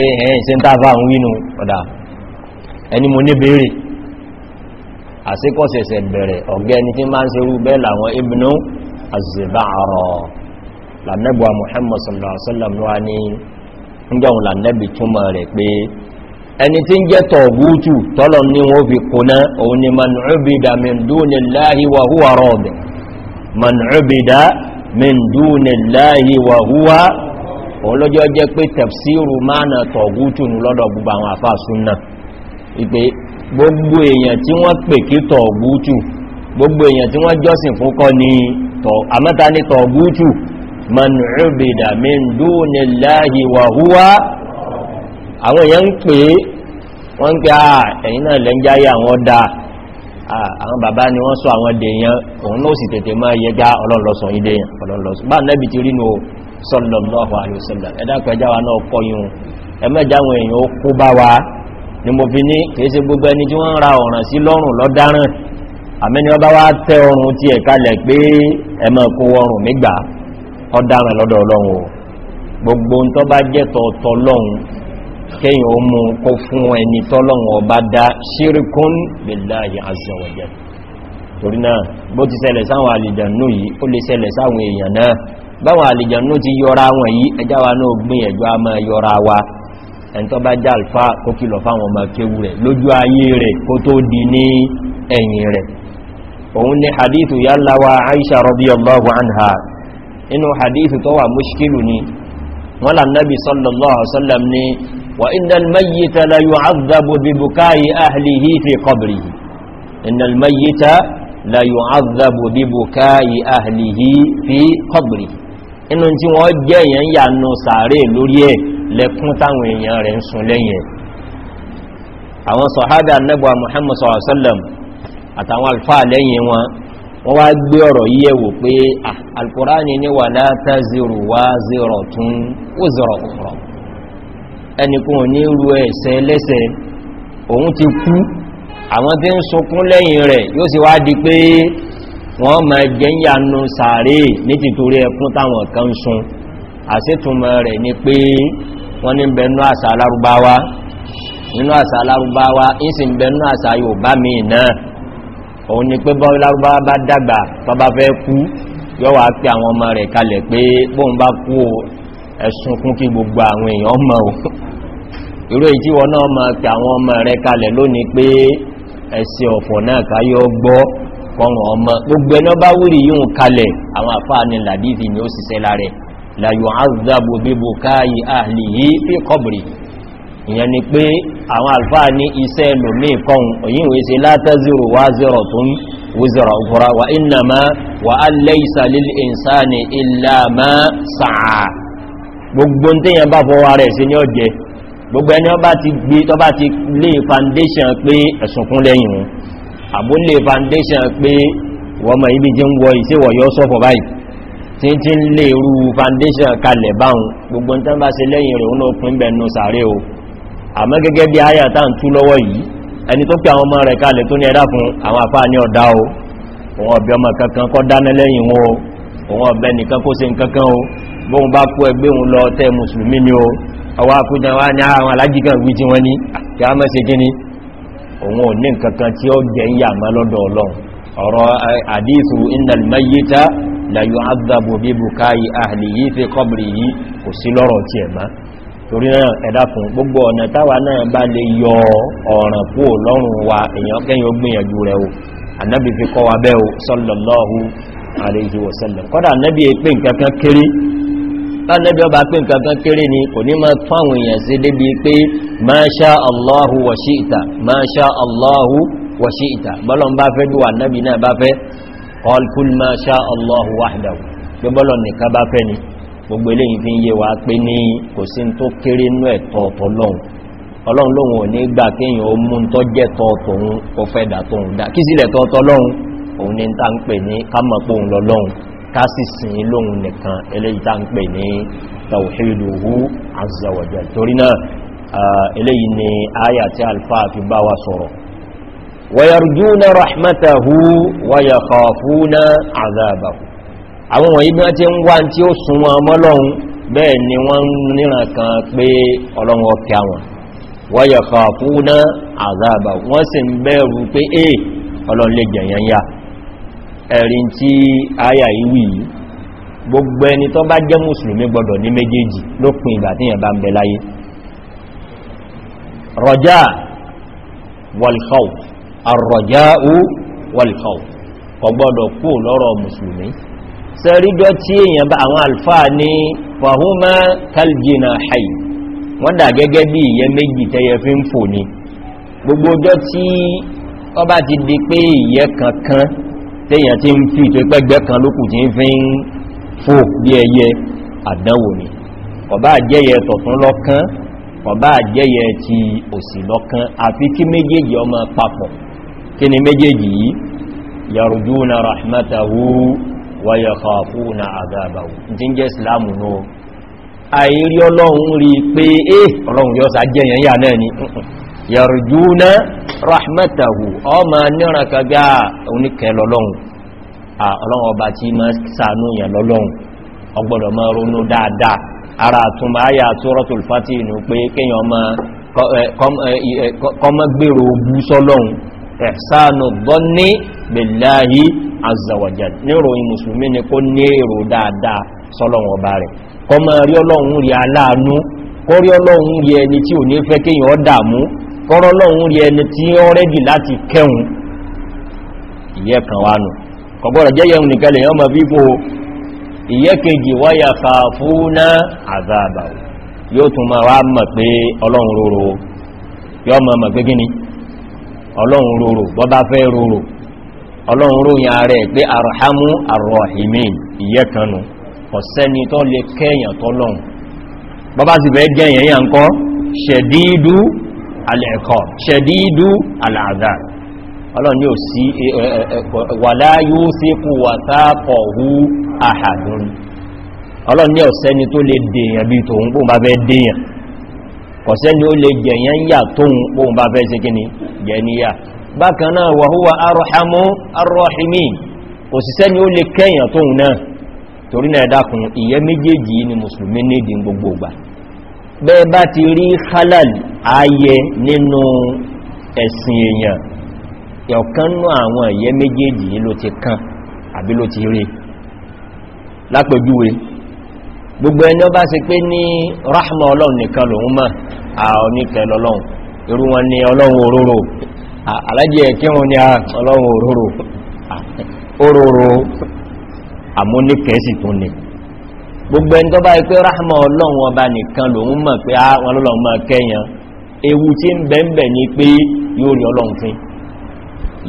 pé ẹ̀yìn sí ń tàbà ń wínú ọ̀dá ẹni mo ní bèèrè àsíkọ̀sẹ̀sẹ̀ bẹ̀rẹ̀ ọ̀gẹ́ ẹni tí máa ń ṣe rú bẹ́ẹ̀ làwọn ibnu azibaro lànẹ́bùwa muhammad sallallahu alaihi wasallam wá ní ǹjọ́un lànẹ́bì túnmọ̀ rẹ̀ pé ẹni tí ń jẹ́ tọ̀gútù tọ́lọ̀ ní wọ́n fi kúnná òun ni man òun lójọ́ jẹ́ pé tafsiru mana tọ̀gútù lọ́dọ̀ gbogbo àwọn àfáà súnnà ìpé gbogbo èèyàn tí wọ́n pè kí tọ̀gútù gbogbo èèyàn tí wọ́n jọ́sìn fún kọ́ ni àmẹ́ta ní tọ̀gútù man ubida min dunillahi àwọn bàbá ni wọ́n sọ àwọn dèèyàn òun ló sì tètè máa yẹgá ọlọ́lọ́sọ̀ ìdèyàn ọlọ́lọ́sọ̀ bá nẹ́bì ti rí nù sallallahu alaihi wasallam ẹ̀dá pẹ̀já wa náà kọyún ẹmẹ́jà àwọn èèyàn ó kó bá wa ni mo fi ní kèése gbogbo ẹni tí wọ́n ra ọ̀ràn sí lọ́rùn lọ́dáràn àmẹ́ni ọba wá tẹ́ ọrùn ti ẹ̀kalẹ̀ pé ẹmọ kó ọrùn mígbà ọdáràn lọ́dọ̀ ọlọ́run o gbogbo ń tọ́ bá jẹ́ báwọn àlìjànú ti yọra wọn yí ẹjá wa náà gbìyànjú a máa yọra wa ẹn tó bá já alfa kó kìlọ̀ fáwọn ọmọ kéwú rẹ̀ lójú ayé rẹ̀ kó tó di ní ẹ̀yìn rẹ̀ òun ni hadithu yálawa aisha radiyallahu anha inú hadithu tó wà mushkilu ni wọ́n là nábi sallallahu la yu'adhabu bi bukai ahlihi fi qabrihi inú tí wọ́n jẹ́ èyàn yànà sàárè lórí ẹ̀ lẹ́kún táwọn èèyàn rẹ̀ ń sun lẹ́yìn àwọn sọ̀hádà nẹ́bọ̀ Muhammad sọ̀rọ̀sọ́lẹ̀m àtàwọn alfa lẹ́yìn wọn wọ́n wá gbé ọ̀rọ̀ yíyẹ̀wò pé ah, alkùránì ní wà látà wá wọ́n ma jẹ́yànú sàárè ní títorí ẹkún táwọn kan sun àsìtúnmọ̀ rẹ̀ ni pé wọ́n ní bẹ̀nú àṣà alárúbáwá nínú àṣà alárúbáwá ìsì ń bẹ̀nú àṣà Yorùbá mi náà òun ni pé bọ́n lárúbáwá bá dàgbà tó bá fẹ́ kú yóò wá pé àwọn ọmọ rẹ̀ kalẹ̀ pé bóun bá kú ẹ̀sùn kún kí gbogbo àwọn èèyàn mọ̀ ò irú èyí tí wọ́n náà mọ̀ pọ̀rùn ọmọ gbogbo ẹnà bá wúrì yíò kalẹ̀ àwọn àfáà ni làdífì ni ó siṣẹ́ láre láyò azábò bíbò káàyì àhìlì yìí fi kọbìrì ìyẹn ni pé àwọn àfáà ní iṣẹ́ lòmí kan òyìnwé se látàzírò wá zírọ̀ tó ń wúzírọ̀ ọkùnra wa gbogbo ẹni ọba ti gbé tọba ti lé foundation pé ẹ̀sùnkún lẹ́yìn wọn àbúlé foundation pé wọ́n mọ̀ ibi jí ń wọ ìṣẹ́wọ̀ yọ́ sọ́fọ̀ báyìí tí tí ń lè rú foundation kalẹ̀ báhùn gbogbo tán bá se lẹ́yìn rẹ̀ oún òpin bẹ̀nu sàárẹ̀ o àmọ́ gẹ́gẹ́ bí ayà tá ń tú lọ́wọ́ yìí ẹni tó pẹ àwọn ọmọ rẹ̀ kalẹ̀ tó ní ẹ̀dá fún àwọn àfáà ní ọ̀dá o òun ọ̀bẹ̀ ọmọ kankan kọ́ òun ò ní nkankan tí ó jẹ ń yà má lọ́dọ̀ ọlọ́run ọ̀rọ̀ àdífù innal mayyita la yu'adhabu bi bukai ahlihi fi qabrihi kò sí lọ́rọ̀ tí ẹ̀ má torí náà ẹ̀dàkùn gbogbo ọ̀nà táwa náà bá lè yọ ọ̀ràn kú lọ́rùn wa èèyàn kẹ́yìn ó rẹ̀ lánàbí ọba pé nǹkan kan kéré ni kò ní máa tún àwọn èèyàn sí débi pé ma sha Allahu wa shi'ta ma sha Allahu wa shi'ta bọ́lọ̀n bá fẹ́ dúwà nábi náà bá fẹ́ qal kul ma sha Allahu wahdahu pé bọ́lọ̀n nìkan bá fẹ́ ni gbogbo eléyìí fi ń yé wa pé ní kò sí tó kéré nú ẹ̀tọ́ ọ̀tọ̀lọ́hun ọlọ́run lóhun ò ní gbà kéèyàn ó mú tó jẹ́ tọ́ọ̀tọ̀hun kò fẹ́ dà tóhun dá kí sílẹ̀ tọ́ọ̀tọ̀lọ́hun òun ni ta ń pè ní kámọ̀pọ̀ òun lọ́lọ́hun kásì sin lóhun nìkan eléyìí tá ń pè ní tàwíhìdòhú azawajal torí náà eléyìí ni áyà tí alfáà fi bá wa sọ̀rọ̀ wayarjuna rahmatahu wayakhafuna azabahu àwọn wọ̀nyí bí wọ́n ti ń wá tí ó sun wọn ẹ̀rin tí àyà ìwì yìí gbogbo ẹni tó bá jẹ́ mùsùlùmí gbọdọ̀ ní méjèèjì lópin ìgbà tí yẹn bá ń bẹ láyé rọjá wọlkọ̀ọ̀ àrọjá ó wọlkọ̀ọ̀ kọ gbọdọ̀ kú lọ́rọ̀ mùsùlùmí sẹ́ríjọ́ tí èyàn bá àwọn alfáà ní fahuma kaljina hai wọ́n dà gẹ́gẹ́ bí ìyẹ́ méjì tẹ́yẹ fi ń fò ní gbogbo ọjọ́ tí ọ bá ti di pé ìyẹ́ kankan téèyàn ti ń fi ìtò pẹ́gbẹ́ kan lókù tí ń fi ń fò bí ẹyẹ àdánwò ni ọba àjẹyẹ tọ̀tún lọ́kán ọba àjẹyẹ ti òsì lọ́kán àfi kí méjèèjì ọmọ papọ̀ kí ni méjèèjì yìí yarujuna rahmatahu wa yakhafuna adhabahu jíjẹ́ islamu náà àìrí eh ọlọ́run yọ́ sá jẹ́yàn yàrùjúnà rahmatahu ọmọ níran kagá oníkẹ lọ́lọ́hun ọlọ́run ọba tí ma sànú yẹn lọ́lọ́hun ọgbọ́dọ̀ ma ronú dáadáa ara àtúnmà ayà Suratul Fatih inú pé kíyàn ma kọmọ gbèrò ogú sọ́lọ́hun ẹ̀sánù dhanni billahi azza wa jal níròyìn mùsùlùmí ni ọlọ́run rí ẹni tí ò ní fẹ́ kíyàn ọ dàmú kọ́rọ́ lọ́hun rí ẹni tí ó rẹ́dì láti kẹun ìyẹ́ kan wá nù kọ̀gbọ́rọ̀ jẹ́ yẹun nìkan lè yọ́mọ̀ bíbò ìyẹ́ kejì wáyà fa fúnná àzáàbà yóò tún ma wá bọ́bá arhamu arrohimin ìyẹ́ kan nù ọ̀sẹ́ni tó lè kẹ́yàn tọ́lọ́run bọ́bá sì fẹ́ jẹ́yàn yà ń kọ́ ṣẹ̀dídú alẹ́ẹ̀kọ́ ṣẹ̀dídú aláàdá ọlọ́run ni ò sí wàlá yóò sí kú wàtápọ̀ hú àhàdùn ọlọ́run ni ọ̀sẹ́ni tó lè dèèyàn bí tòun pò bá fẹ́ dèèyàn kọ̀sẹ́ni ó lè jẹ̀yàn yà tóun pò bá fẹ́ sí kíni ni ó lè kẹ́yàn ti rí halal ayẹ nínú ẹ̀sìn èèyàn ẹ̀ọ̀kánú àwọn ẹ̀yẹ méjèèjì yìí ló ti kàn àbí ló ti rí lápẹjúwe gbogbo ẹni ọba ṣe pé ní rahma ọlọ́run nìkan lòun mọ́ àwọn oníkẹlọ ọlọ́run irú wọn ni ọlọ́run òróró alájẹ́ kírun ni ọlọ́run òróró òróró àmúníkẹ́sì tún ni gbogbo ẹni tọ́bá ipé rahma ọlọ́run ọba nìkan lòun mọ̀ pé àwọn ọlọ́run mọ́ kẹ́yàn ewu tí ń bẹ̀m̀bẹ̀ ni pé yóò rí ọlọ́run fín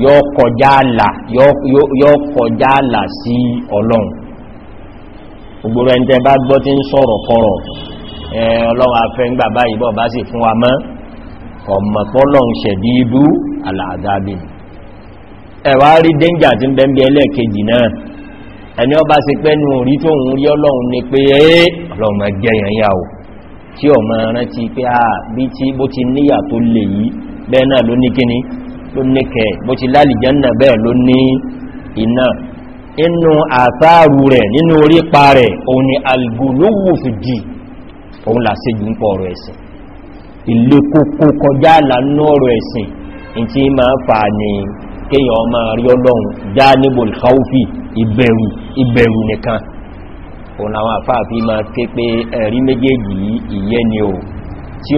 yóò kọjá àlà sí ọlọ́run gbogbo rẹ̀ tẹ́ bá gbọ́ tí ń sọ̀rọ̀ kọrọ̀ ọlọ́run afẹ́ ń bàbá ìbọ̀ bá sì fún wa mọ́ ọmọpọ́lọ́run ṣẹ̀dí ibú àlàádábì ẹ̀wà rí rí tí ọmọ rántí pé a ah, bí tí bó ti níyà tó lè yìí bẹ́ẹ̀ náà ló ní kíní ló ní kẹ bó ti lálìjánà bẹ́ẹ̀ ló ní iná inú àtàrù rẹ̀ nínú orí pa rẹ̀ òun ni algolówò fìdí òun là sí jùmọ́ ọ̀rọ̀ ẹ̀sìn ilé kókó kọjá lánú ọ̀rọ̀ ẹ̀sìn in ti ma ń ní kéèyàn ọmọ rí ọlọ́run já níbò ìkáwófì ìbẹ̀rù nìkan òun àwọn àfáà fi ma ké pé ẹ̀rí méjèèjì ìyẹ́ o tí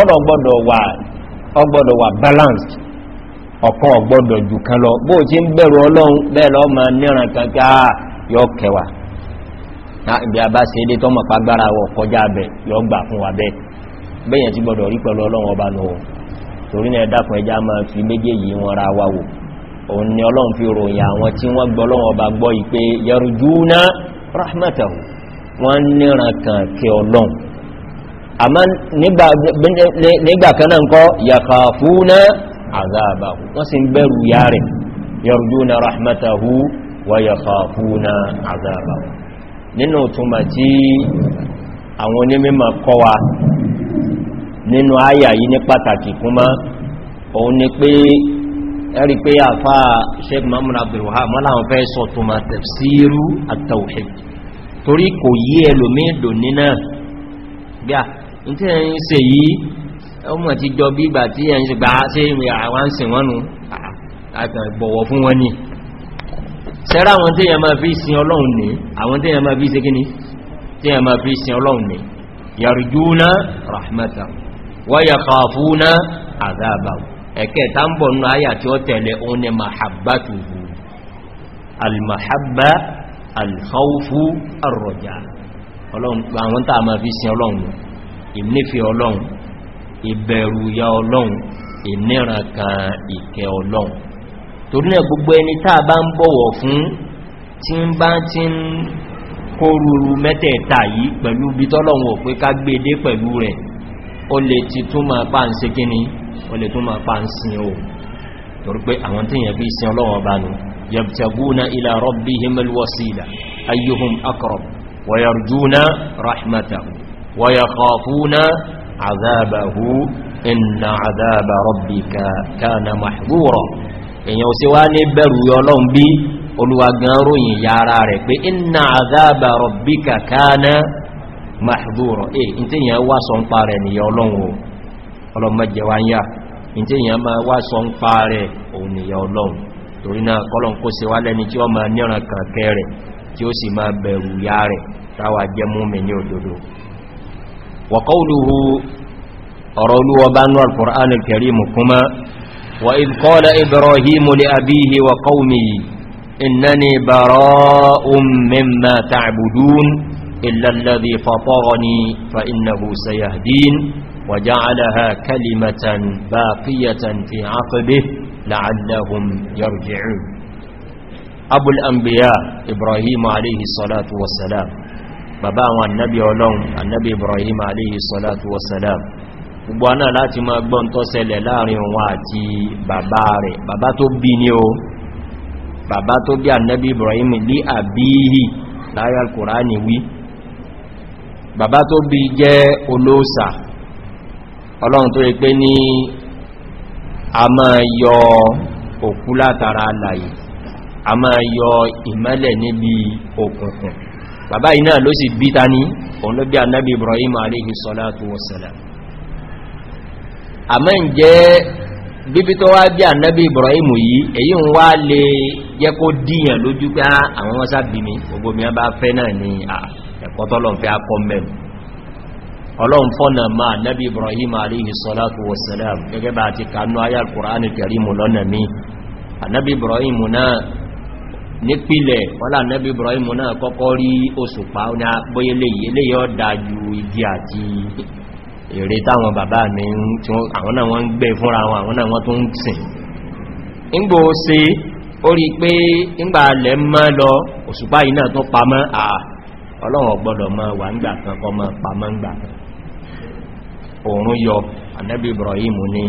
ọgbọ́dọ̀ wà balanced ọ̀kan ọgbọ́dọ̀ jù kan lọ bóò tí ń bẹ̀rù ọlọ́run bẹ́ẹ̀ ma níran kankan ah, yọ kẹwàá ibi a bá se dé tọ́mọ̀ pàgbára wọ kọjá bẹ̀ fún wa bẹ́ bẹ́yẹn ti gbọ́dọ̀ rí pẹ̀lú ọba torí ẹjá ma fi wọn wa wò òun ni fi ròyìn àwọn gbọ́ ọba gbọ́ rahmatahu wọ́n níran kan kí ọlọ́run àmọ́ nígbà kan náà kọ́ yakhafuna azabahu wọ́n sì ń bẹ̀rù yá rẹ̀ yarjuna rahmatahu wa yakhafuna azabahu nínú túnmà tí àwọn onímọ̀ kọ́ wa nínú àyà yìí ní pàtàkì kúnmá òun ni pé ẹ̀rí pé àfáà sheik mahmud abdulwahab mọ́láwọn fẹ́ sọ túnmà tafsiru at-tawhid torí kò yí ẹlòmíìdò nínà gbá tí ẹ̀ ń ṣe yìí ọmọ ti jọ bí ìgbà tí ẹ̀ ń gbá sí ìrìn àwọn ń sìn wọ́nu àgbọ̀wọ̀ fún wọn ni sẹ́rà àwọn tí ẹ̀ máa fi sin ọlọ́run ní àwọn tí ẹ̀ máa fi ṣe kíní tí ẹ̀ máa fi sin ọlọ́run ní al-mahabba alkhawfu arroja ọlọ́run àwọn tàà ma fi sin ọlọ́run ìnífẹ́ ọlọ́run ìbẹ̀rù ya ọlọ́run ìníran kan ìkẹ́ ọlọ́run torí náà gbogbo ẹni tàà bá ń bọ̀wọ̀ fún tí ń bá ti ń kóruru mẹ́tẹ̀ẹ̀ta yìí pẹ̀lú bí tọ́lọ́run ò ká gbédé e pẹ̀lú rẹ̀ ó lè ti tún ma pa ń se kíní ó lè tún ma pa ń sin o torí pé àwọn tí èèyàn fi sin ọlọ́run ọba nù yabtaguna ila rabbihim alwasila ayyuhum aqrab wa yarjuna rahmatahu wa yakhafuna azabahu inna azaba rabbika kana mahzura èyàn sí wá ní bẹ̀rù Ọlọ́run bí olùwàgán ròyìn yára rẹ̀ pé inna azaba rabbika kana mahzura eh ǹtí èyàn wá sọ ń pa rẹ̀ nìyà Ọlọ́run o Ọlọ́run mẹ́jẹ wá ń yá ǹtí èyàn máa wá sọ ń pa rẹ̀ òun nìyà Ọlọ́run torí náà kọ́lọ̀n kó se wá lẹ́ni tí ó ma níran kàkẹ́ rẹ̀ tí ó sì ma bẹ̀rù ya rẹ̀ táwà jẹ́ múmi ní òdòdó wàkọ́lùhù ọ̀rọ̀ olúwọba ní alkùnrin alkarimu kuma wa ìkọ́lá ibrahimu lè abíhe illa alladhi fatarani fa innahu sayahdin wa ja'alaha kalimatan baqiyatan fi 'aqbihi لعلهم يرجعون أبو الأنبياء إبراهيم عليه الصلاة والسلام bàbá àwọn annabi ọlọ́run annabi ibrahim aléyìí sọ́látù wasalam gbogbo náà láti máa gbọ́n tó ṣẹlẹ̀ láàrin wọn àti bàbá rẹ̀ bàbá tó bí ní o bàbá tó bí annabi ibrahim lé àbíhì láyé alkùránì wí bàbá tó bí jẹ́ olóòsà ọlọ́run tó rí pé ní a máa yọ òkú látara alàyè a máa yọ ìmẹ́lẹ̀ níbi òkùnkùn bàbá iná ló sì bí ta ní òun ló bí annabi ibrahim alayhi salatu wasalam àmọ́ ǹjẹ́ bíbí tó wá bí annabi ibrahim yìí èyí ń wá lè jẹ́ kó díyàn lójú pé ah, àwọn wọ́n sábìmí gbogbo ni ẹ̀kọ́ tọ́lọ̀ fẹ́ akọ́ mẹ́rin ọlọ́run fọ́nà máa nábi ibrahim aléhì sọ́látù wọ̀sẹ̀lẹ̀m gẹ́gẹ́ bá ti kanú ayá alkùránì kẹrìmù lọ́nà mí anábi ibrahim náà nípìlẹ̀ wọ́lá anábi ibrahim náà kọ́kọ́ rí òṣùpá ní abóyéléyìí dájú igi àti èrè táwọn bàbá mi àwọn náà wọ́n ń gbé fúnra wọn àwọn náà wọ́n tún ń sìn ńgbò ṣe ọlọ́run ọgbọ́dọ̀ mọ́ wà ń gbà kan kọ mọ́ pamọ́ ń gbà kan òun yọ annabi ibrahim ni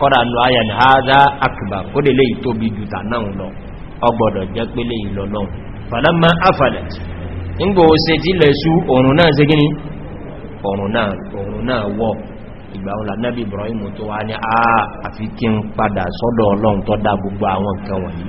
kọ́dà lọ ayà ní haza akbar kó lè lè tóbi jùta náà lọ ọgbọ̀dọ̀ jẹ́ pé lè nọ náà falamma afalet nígbò se tí lè sú òrùn náà se náà wọ ìgbà òun ibrahim tó wá ní àfi kí n padà sọ́dọ̀ ọlọ́run tó dá gbogbo àwọn nǹkan wọ̀nyí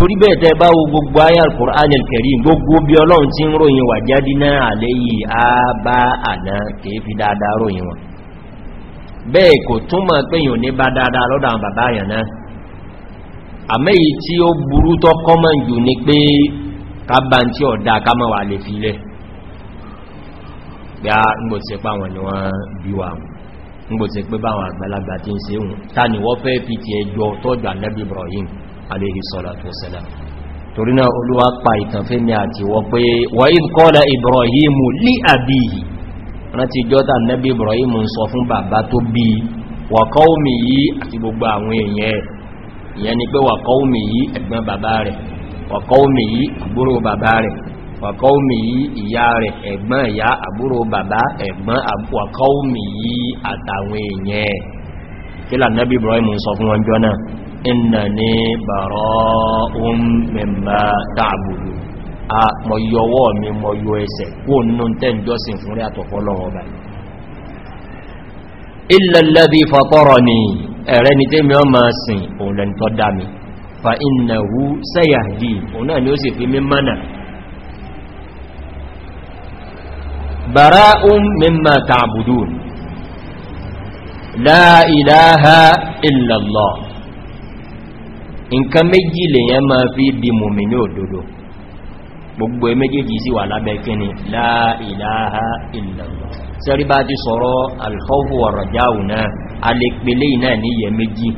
torí bẹ́ẹ̀ tẹ́ bá wo gbogbo ayá al-Qur'an al gbogbo bí ọlọ́run tí ń ròyìn wà jáde náà a bá àná kèé fi dáadáa ròyìn wọn bẹ́ẹ̀ kò túnmọ̀ pèyàn ní bá dáadáa lọ́dọ̀ àwọn bàbá àyàn tí pé wà lè àwọn ni wọ́n bí báwọn àgbàlagbà ti ń ṣe ta aléhì sọ́látù wasalam torí náà olúwa pa ìtàn fẹ́ ní àti wọ́n pé wa idh qala ibrahimu li abihi rántí jọta nẹ́bí ibrahimu ń sọ fún bàbá tó bí wa qawmihi àti gbogbo àwọn èèyàn ìyẹn ni pé wa qawmihi ẹ̀gbọ́n bàbá rẹ̀ wa qawmihi àbúrò bàbá rẹ̀ wa qawmihi ìyá rẹ̀ ẹ̀gbọ́n ìyá àbúrò bàbá ẹ̀gbọ́n wa qawmihi àtàwọn èèyàn kí là nẹ́bí ibrahimu ń sọ fún wọn jọ ìnàní bàrọ́ ohun mẹ́mà tààbùdù a mọ̀yọwọ́ mi mọ̀yọ ẹsẹ̀ kó nínú tẹ́ǹjọ́sìn fún rí àtọ̀fọ́lọ́wọ́ báyìí ìlẹ̀lẹ́bí fọ́tọ́rọ̀ ni ẹ̀rẹ́ ni tẹ́mi ọ máa sìn òun lẹ́ni tọ́ dá mi fa innahu sayahdi òun náà ni ó sì fi mí mọ́nà bara'un mimma ta'budun la ilaha illa Allah nǹkan méjì lèyàn máa fi di mùmí ní òdodo gbogbo ẹ méjèèjì sí wà lábẹ́ kíni la ilaha illallah sẹ́rí bá ti sọ̀rọ̀ alkhawfu wa raja'u náà a lè pèlé iná ní yẹ méjì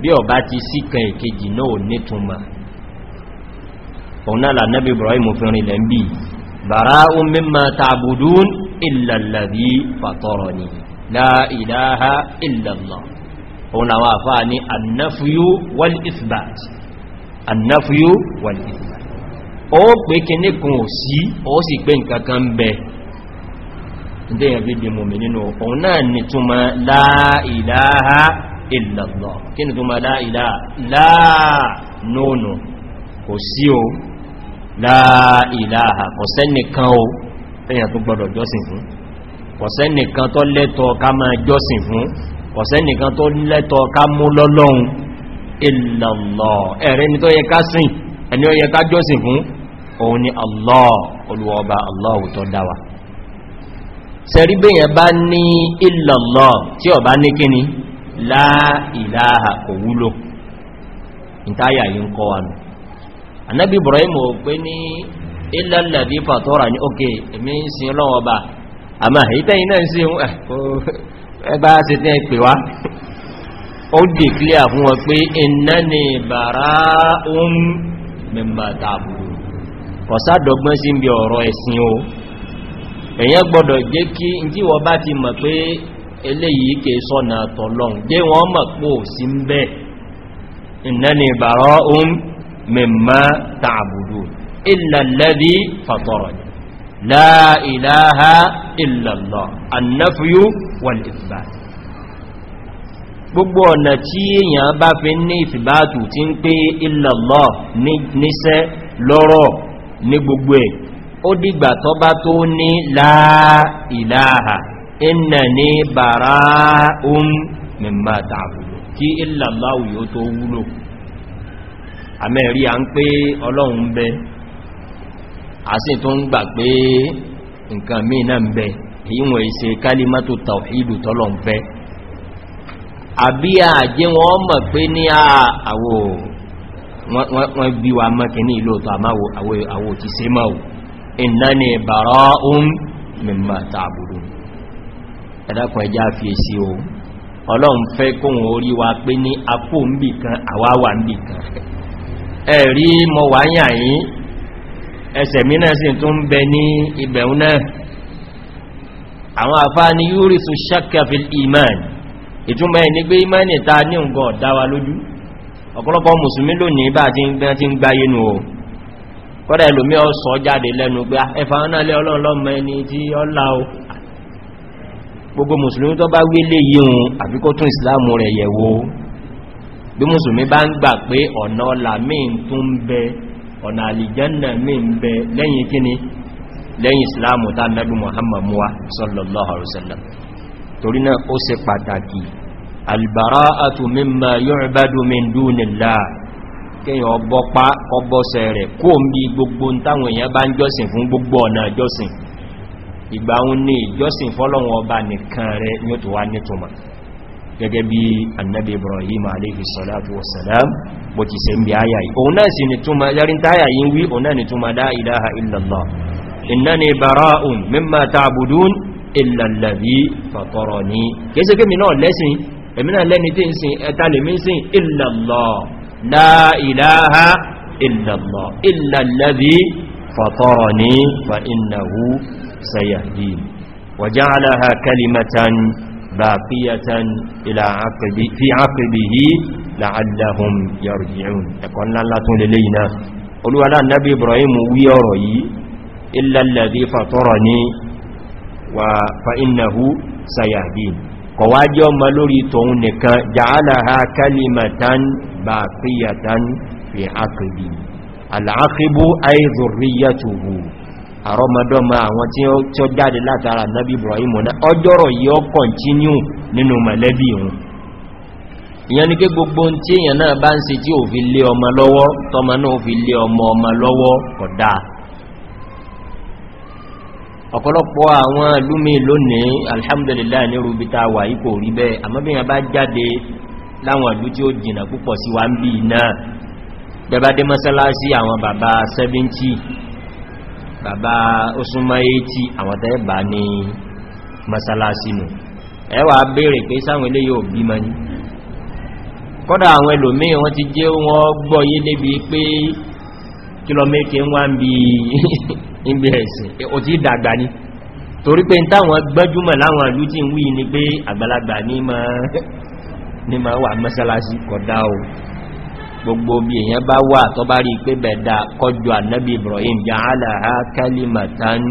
bí ó bá ti sí kan ìkejì náà nítùmà ọ̀nà lànàbí òun àwọn àfáà ní annáfíyú wal isbat annáfíyú wal isbat ó pé kíní kan ò sí ó sì pé nǹkankan bẹ ìdíyàn bí dìmò mi nínú òun náà ni túnmà la ilaha illallah kí ni túnmà la ilaha láà nónù kò sí o la kọ̀sẹ́ nìkan tó lẹ́tọ̀ ká mú lọ́lọ́un ẹ̀rẹ́ ni tó yẹ ká sìn ẹni ó yẹ ká jọ́sìn fún òun ni allah olùwọba allah tó dáwà sẹ́rí bá ní ìlàlọ́ tí ọ bá ní kíni láìláha kò wúlò ìtayà ń ẹgbà ti tẹ́ pè wá ó dì clear fún wọn pé iná ni bàrá oún mẹ́mbà tàbí kọ̀sádọ̀gbọ́n sí ibi ọ̀rọ̀ ẹ̀sìn o èyàn gbọ́dọ̀ jẹ́ kí tí wọ́n bá ti mọ̀ pé eléyìí kè sọ́nà tọ̀lọ́n jẹ́ wọ́n mọ̀ wal ithbat gbogbo ọ̀nà tí èyàn bá fi ní ìfìbátù tí ń pé illallah níṣẹ́ lọ́rọ̀ ní gbogbo ẹ̀ ó dìgbà tó bá tó ní la ilaha innani bara'un mimma ta'budu kí illallah yóò tó wúlò àmẹ́rí ń pé ọlọ́run bẹ àsìn tó ń gbà pé nǹkan mí náà ìwọ̀n ìse kálímátò tàwíìdù tọ́lọ̀ ń fẹ́ àbí àjẹ́ wọn mọ̀ pé ní àwò wọn bí wa mọ́kí ní ìlò tó àwò ti se mọ́ iná ni bàrá oún mẹ́mà tààbùrù ẹ̀dàkùn ẹjá fi èsì o ọlọ́run fẹ́ kóhun orí wa pé ní apó ń àwáwà ń ẹ̀rí mọ́ wáyà ẹsẹ̀ mínà sí tún bẹ ní ibẹ̀un náà àwọn àfáàní yúrísù ṣakafil iman ìtúnmọ̀ ẹni pé imani ta ní ǹkan ọ̀dáwà lójú ọ̀pọ̀lọpọ̀ musulmi lónìí bá ti ń gbáyé nù o kọ́dà ìlòmí ọ̀sọ̀ jáde lẹ́nu pé ah, ẹfà náà lẹ́ ọlọ́ọ̀lọ́mọ ẹni tí ọ láò gbogbo musulmi tó bá wílé yíun àfikọ́ tún ìsìláàmù rẹ̀ yẹ̀wò bí musulmi bá ń gbà pé ọ̀nà ọlà míì tún bẹ ọ̀nà lẹ́yìn islamu ta nabi muhammad muwa sallallahu alaihi wasallam torí náà ó ṣe pàtàkì albara'atu mimma yu'badu min dunillah kíyàn ọbọ́pá ọbọ́sẹ̀ rẹ̀ kó ń bí gbogbo táwọn èèyàn bá ń jọ́sìn fún gbogbo ọ̀nà jọ́sìn ìgbà ń ní ìjọ́sìn fọ́lọ́wọ́ ọba nìkan rẹ̀ ní ó tó wá nítumọ̀ gẹ́gẹ́ bí annabi ibrahim aléhì sọ́látù wasalam bó ti se ń bí ayayi yìí òun náà ni túnmà ìnáni bara'un mimma ta'budun illa alladhi fatarani kéèsé kémi náà lẹ́sìn èmi náà lẹ́ni tí ń sin ẹta lè mí sin illa Allah la ilaha illa Allah illa alladhi fatarani fa innahu sayahdini wa ja'alaha kalimatan baqiyatan ila aqbi fi aqbihi la'allahum yarji'un ẹ̀kọ́ ńlá látún lélẹ́yìn náà olúwàlá nábi Ibrahim wí ọ̀rọ̀ yìí illa alladhi fatarani wa fa innahu sayahdin kọ̀ wá jẹ́ ọmọ lórí tòun nìkan ja'alaha kalimatan baqiyatan fi aqibi al-aqibu ay dhurriyyatuhu àrọmọdọ́mọ àwọn tí ó jáde látara nabi ibrahim náà ọjọ́rọ̀ yíó kọ̀ntínú nínú mọ̀lẹ́bí wọn ìyẹn ni pé gbogbo tí èyàn náà bá ń ṣe tí ò fi lé ọmọ lọ́wọ́ tọmọ náà fi lé ọmọ ọmọ lọ́wọ́ kódà ọ̀pọ̀lọpọ̀ àwọn lúmí lónìí alhamdulillah ní rubita wà ipò rí bẹ́ẹ̀ àmọ́bìnrin bá jáde láwọn ìlú tí ó jìnà púpọ̀ sí wa ń bí náà bẹbádé mọ́sálásí àwọn bàbá 70 bàbá osúnmọ́ 80 àwọn tẹ́ẹ̀bà ní mọ́sálásí nù ẹwà bèèrè pé sáwọn ilé yóò bí mọ́ ní kọ́dà àwọn ẹlòmí wọ́n ti jẹ́ wọ́n gbọ́ yé débi pé kìlọ́mẹ́kẹ́ wọ́n bí níbi ẹ̀sìn o ti dàgbà ní torí pé táwọn gbẹ́júmọ̀ láwọn ìlú tí ń wí ni pé àgbàlagbà ní ma wà mọ́sálásí kọ̀dá o gbogbo bí èyàn bá wà tó bá rí pé bẹ̀dà kọjọ ànábì Ibrahim ja'alaha kalimatan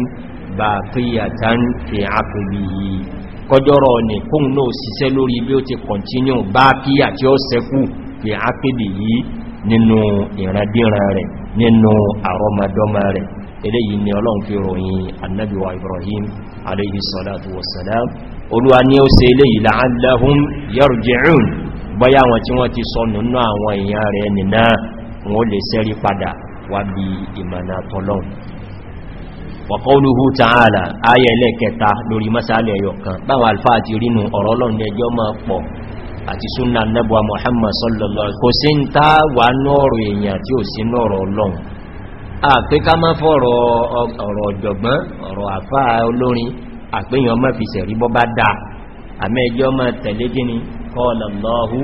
baqiyatan fi 'aqibihi kọjọ́rọ̀ ní kóhùn náà síṣẹ́ lórí bí ó ti kọ̀ntínú bá kíyà tí ó sẹ́kù fi 'aqibihi nínú ìrandíran rẹ̀ nínú àrọmọdọ́mọ rẹ̀ eléyìí ni ọlọ́run fi ròyìn annabi wa ibrahim alayhi salatu wassalam olúwa ni ó ṣe eléyìí la'allahum yarji'un bọ́yá wọn tí wọ́n ti sọnù náà àwọn èèyàn rẹ̀ nìna wọ́n lè sẹ́rí padà wá bí ìmọ̀nà tọ́lọ́run wa qawluhu ta'ala ayẹ ẹlẹ́kẹta lórí masálẹ̀ ẹyọkan báwọn àpé ká má fọ́rọ̀ ọ̀rọ̀ ọ̀jọ̀gbọ́n ọ̀rọ̀ àfá olórin àpéyàn má fi sẹ̀rí bọ́ bá dáa àmẹ́jọ́ má tẹ̀lé gíní qala Allahu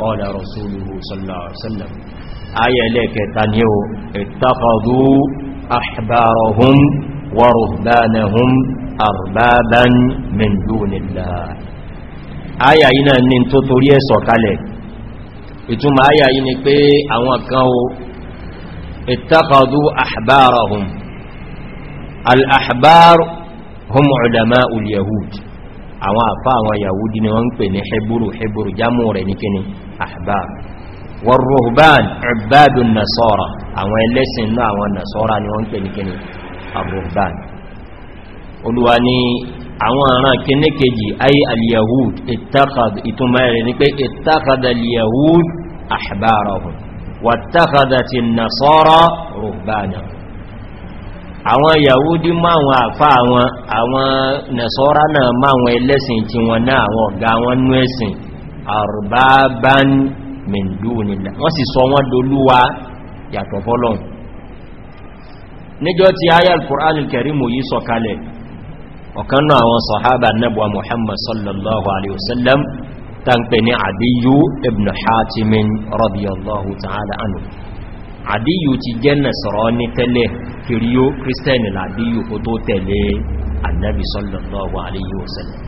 qala rasuluhu sallallahu alaihi wasallam àyá ẹlẹ́kẹta ni ó ittakhadhu ahbarahum wa ruhbanahum ìtumọ̀ àyá ni pé àwọn kan o اتخذوا أحبارهم الأحبار هم علماء اليهود àwọn àfá àwọn yahudi ni wọ́n ń pè ní hebru hebru jámù rẹ̀ ní kíni ahbar wọ́n ruhban ibadun nasara àwọn ẹlẹ́sìn náà àwọn nasara ni wọ́n ń pè ní kíni ruhban olúwa ni àwọn aràn kíní ayé al wàtàkàdàtì nàṣọ́rọ̀ rùgbàdà àwọn yahudi máwọn àfá àwọn àwọn nàṣọ́rọ̀ náà máwọn ẹlẹ́sìn tí wọn náà àwọn ọ̀gá wọn nú ẹ̀sìn àrùbábán mìndúnilá wọ́n sì sọ wọ́n dolúwa yàtọ̀ fọ́lọ́n níjọ́ tí ayá al-Qur'anul Karim yí sọ̀kalẹ̀ tàǹpẹ̀ ní àdíyú ibn hatimin radiyallahu ta'ala anhu àdíyù ti jẹ́ nàṣọ̀rọ̀ ní tẹ́lẹ̀ kìríyó kírísítẹ́nì làdíyù kó tó tẹ̀lé annabi sallallahu alayhi wa sallam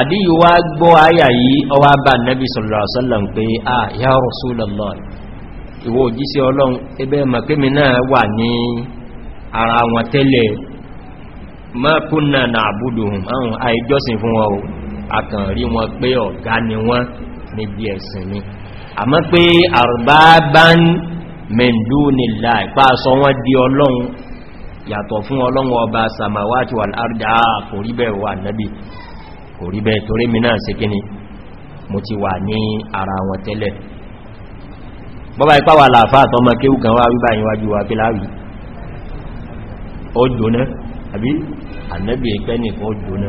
àdíyù wá gbọ́ ayà yìí ọwá bá annabi sallallahu alayhi wa sallam pé a ya rasulallah ìwọ òjíṣẹ́ ọlọ́run ẹbẹ́ akàn rí wọn pé ọ̀gá ni wọ́n níbi ẹ̀sìn ni àmọ́ pé arbaban min dunillah ìpá sọ wọ́n di ọlọ́run yàtọ̀ fún ọlọ́run ọba samawati wal arda kò rí bẹ́ẹ̀ wà nábì kò rí bẹ́ẹ̀ torí mi náà sí kíni mo ti wà ní ara wọn tẹ́lẹ̀ bọ́bá ipá wà wa kí láàrí ó jóná àbí ànábì ẹgbẹ́ nìkan ó jóná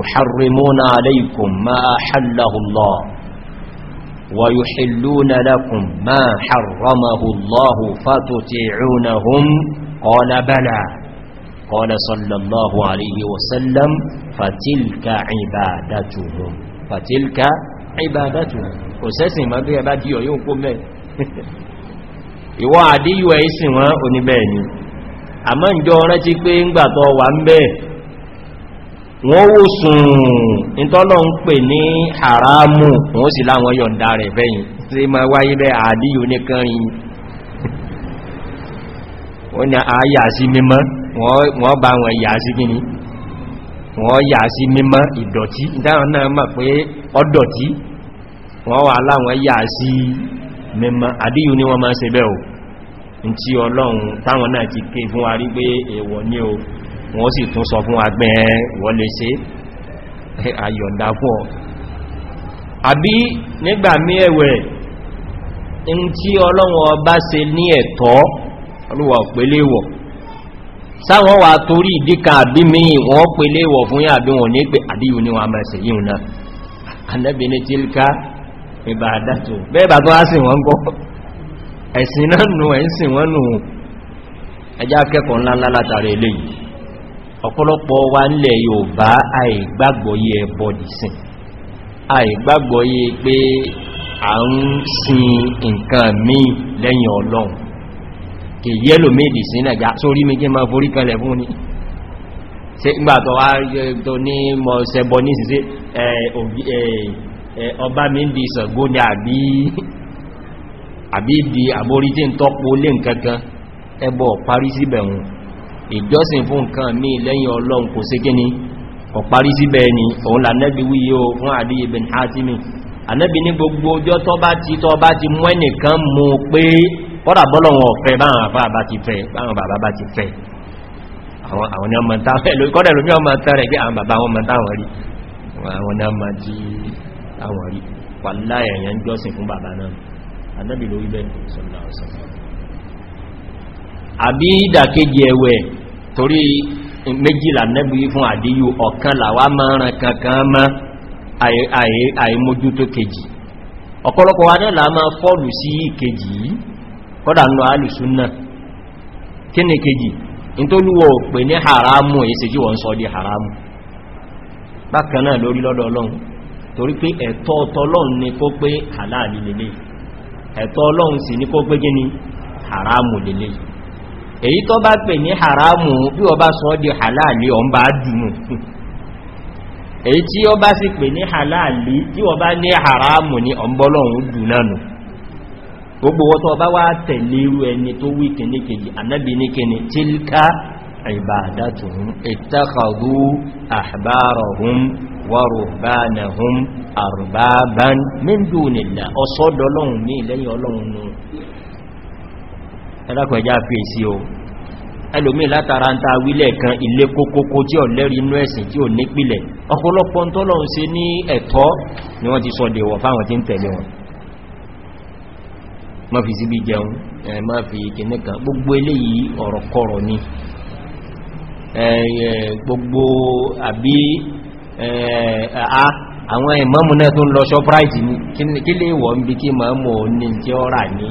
يحرمون عليكم ما حله الله ويحلون لكم ما حرمه الله فتطيعونهم قال بلى قال صلى الله عليه وسلم فتلك عبادتهم فتلك عبادتهم وسيسن ما بيه بعد يوم قم ìwọ́ àdíyù ẹ̀ẹ́sìn wọn oníbẹ̀ẹ̀ni àmọ́ ìjọ rántí pé ń gbàtọ̀ wà ń bẹ́ẹ̀ wọ́n wò sùn ìtọ́lọ̀ ń pè ní haramu wọ́n sì láwọn yọ̀nda rẹ̀ fẹ́yìn tí ma wáyé bẹ́ àdíyò nìkan yìí wọ́n ni a yà sí mímọ́ wọ́n bá wọn yà sí gíní wọ́n yà sí mímọ́ ìdọ̀tí ìdáwọn náà mọ̀ pé ọdọ̀tí wọ́n wà láwọn yà sí mímọ́ àdíyò ní wọ́n máa se bẹ́ ọlọ́run táwọn náà ti ké fún wa rí o wọ́n sì tún sọ fún agbẹ́ wọ́n ṣe àyọ̀ǹda fún ọ àbí nígbà mí ẹ̀wẹ̀ tí ọlọ́wọ̀n bá ṣe ní ẹ̀tọ́ olúwà pẹ̀lẹ́wọ̀ sáwọn wà torí ìdíkà àbí mi wọ́n pẹ̀lẹ́wọ̀ fún yà bí ní ọ̀pọ̀lọpọ̀ wa nílẹ̀ Yorùbá àìgbàgbọ́yé ẹbọ dìsìn àìgbàgbọ́yé pé a ń sin nǹkan míì lẹ́yìn Ọlọ́run kì yẹ́lò méjì sí nàìjá sórí méjì máa forí kalẹ̀ fún ni ṣe ìgbàtọ̀ wá tó ní mọ̀ ṣẹbọ ní ṣe ọba mi ń di ìṣàngó ni àbí di àborí tí ń tọ́pọ̀ lé nǹkankan ẹbọ parí síbẹ̀ wọn ìjọsìn fún nǹkan mí lẹ́yìn ọlọ́run kò sí kíní kò parí síbẹ̀ ni òun lànẹ́bí wíyé o fún àdí ibn hatimi ànẹ́bí ní gbogbo ọjọ́ tó bá ti tó bá ti mú ẹnìkan mú pé kọ́dà bọ́lọ̀wọ̀n ọ̀fẹ́ báwọn bàbá ti fẹ́ báwọn bàbá bá ti fẹ́ àwọn ni ọmọ táwọn ẹ̀lú kọ́dà lómi ọmọ tẹ́rẹ̀ pé àwọn bàbá wọn mọ táwọn rí àwọn ni ọmọ tí àwọn rí wà láyẹ̀yẹn jọ́sìn fún bàbá náà ànẹ́bí lórí bẹ́ẹ̀ sọ́lá ọ̀sán àbí ìdàkejì ẹ̀wẹ̀ torí méjìlá nẹ́bù yí fún àdíyù ọ̀kan làwá mọ́ran kankan mọ́ àìmójú kejì ọ̀pọ̀lọpọ̀ wa náà máa fọ́ọ̀lù sí ìkejì yìí kọ́dà nù náà kí ni kejì in tó pè ní haramu jí wọ́n sọ di haramu lórí lọ́dọ̀ ọlọ́run torí pé ẹ̀tọ́ ọlọ́run ni kó pé ẹ̀tọ́ ọlọ́run sì ní èyí tó bá pè ní haramu bí wọ́n bá sọ di halali ọ̀n bá dùnmù èyí tí ó bá sì pè ní halali tí wọ́n bá ní haramu ní ọ̀nbọ́lọ́run dùnánù gbogbo wọ́n tó bá wá tẹ̀lé irú ẹni tó wí kìíní kejì ní kìíní tílká ibadatuhum ittakhadhu ẹ̀dàkùn ẹjá fi èsì o ẹlòmí látara ń ta wílẹ̀ kan ilé kókókó tí ò lẹ́rí inú ẹ̀sìn tí ò nípìlẹ̀ ọ̀pọ̀lọpọ̀ ń tọ́lọ̀ ń ṣe ní ẹ̀tọ́ ni wọ́n ti sọ dèwọ̀ fáwọn tí ń tẹ̀lé wọn má fi síbí jẹun má fi kìnní kan gbogbo eléyìí ọ̀rọ̀ kọ̀rọ̀ ni gbogbo àbí àwọn ìmáàmù náà tó ń lọ Shoprite ni kí lè wọ́n bí kí mọ́mù ní tí ó rà ní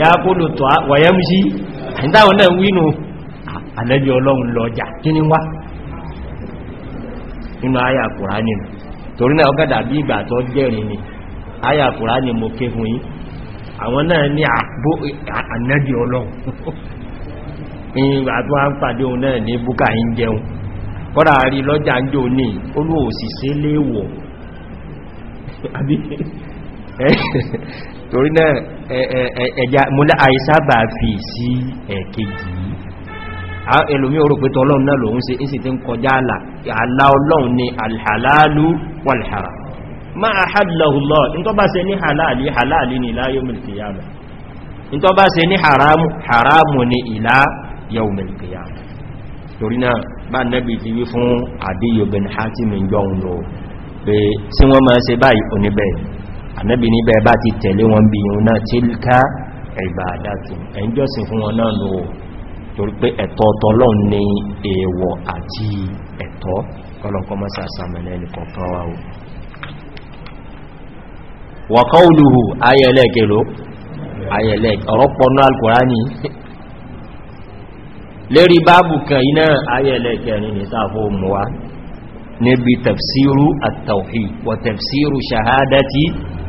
ya kúlù tó wàyẹ́mú sí ìdáwọn náà wínú ànẹ́bí ọlọ́run lọ́jà kí ní wá nínú àyà torí náà ọgádà bí ìgbà tó ni àyà ni mo ké fún yí àwọn náà ní àgbó ọlọ́run torí náà ẹ̀yà múlá àìsábà fi sí ẹ̀kejì ẹlòmí orò pẹ̀tọ̀ ọlọ́run náà lòun se ìsì tí ń kọjá àlà àlà ọlọ́run ni alhàlálú wàlhàrà ma a hàlàhùlọ́ ìntọ́bá se ní halali halali ni ilá yóò milkiyama ìntọ́bá se ní haramu haramu ni ilá yóò milkiyama torí náà bá nẹ́bì ti wí fún ànẹ́bì ní bẹ́ẹ̀ bá ti tẹ̀lé wọn bí yíò náà tí ká ẹ̀bà àdátù ẹ̀njọ́sìn fún wọn náà lò torí pé ẹ̀tọ́ ọ̀tọ́lọ́ ní èèwọ̀ àti ẹ̀tọ́ kọlọ̀kọ́mọ́sà sàmẹ̀lẹ́ nìkọ̀ọ̀kan wá o wàkọ́ùlùhù ayẹlẹ́gẹ̀ló shahadati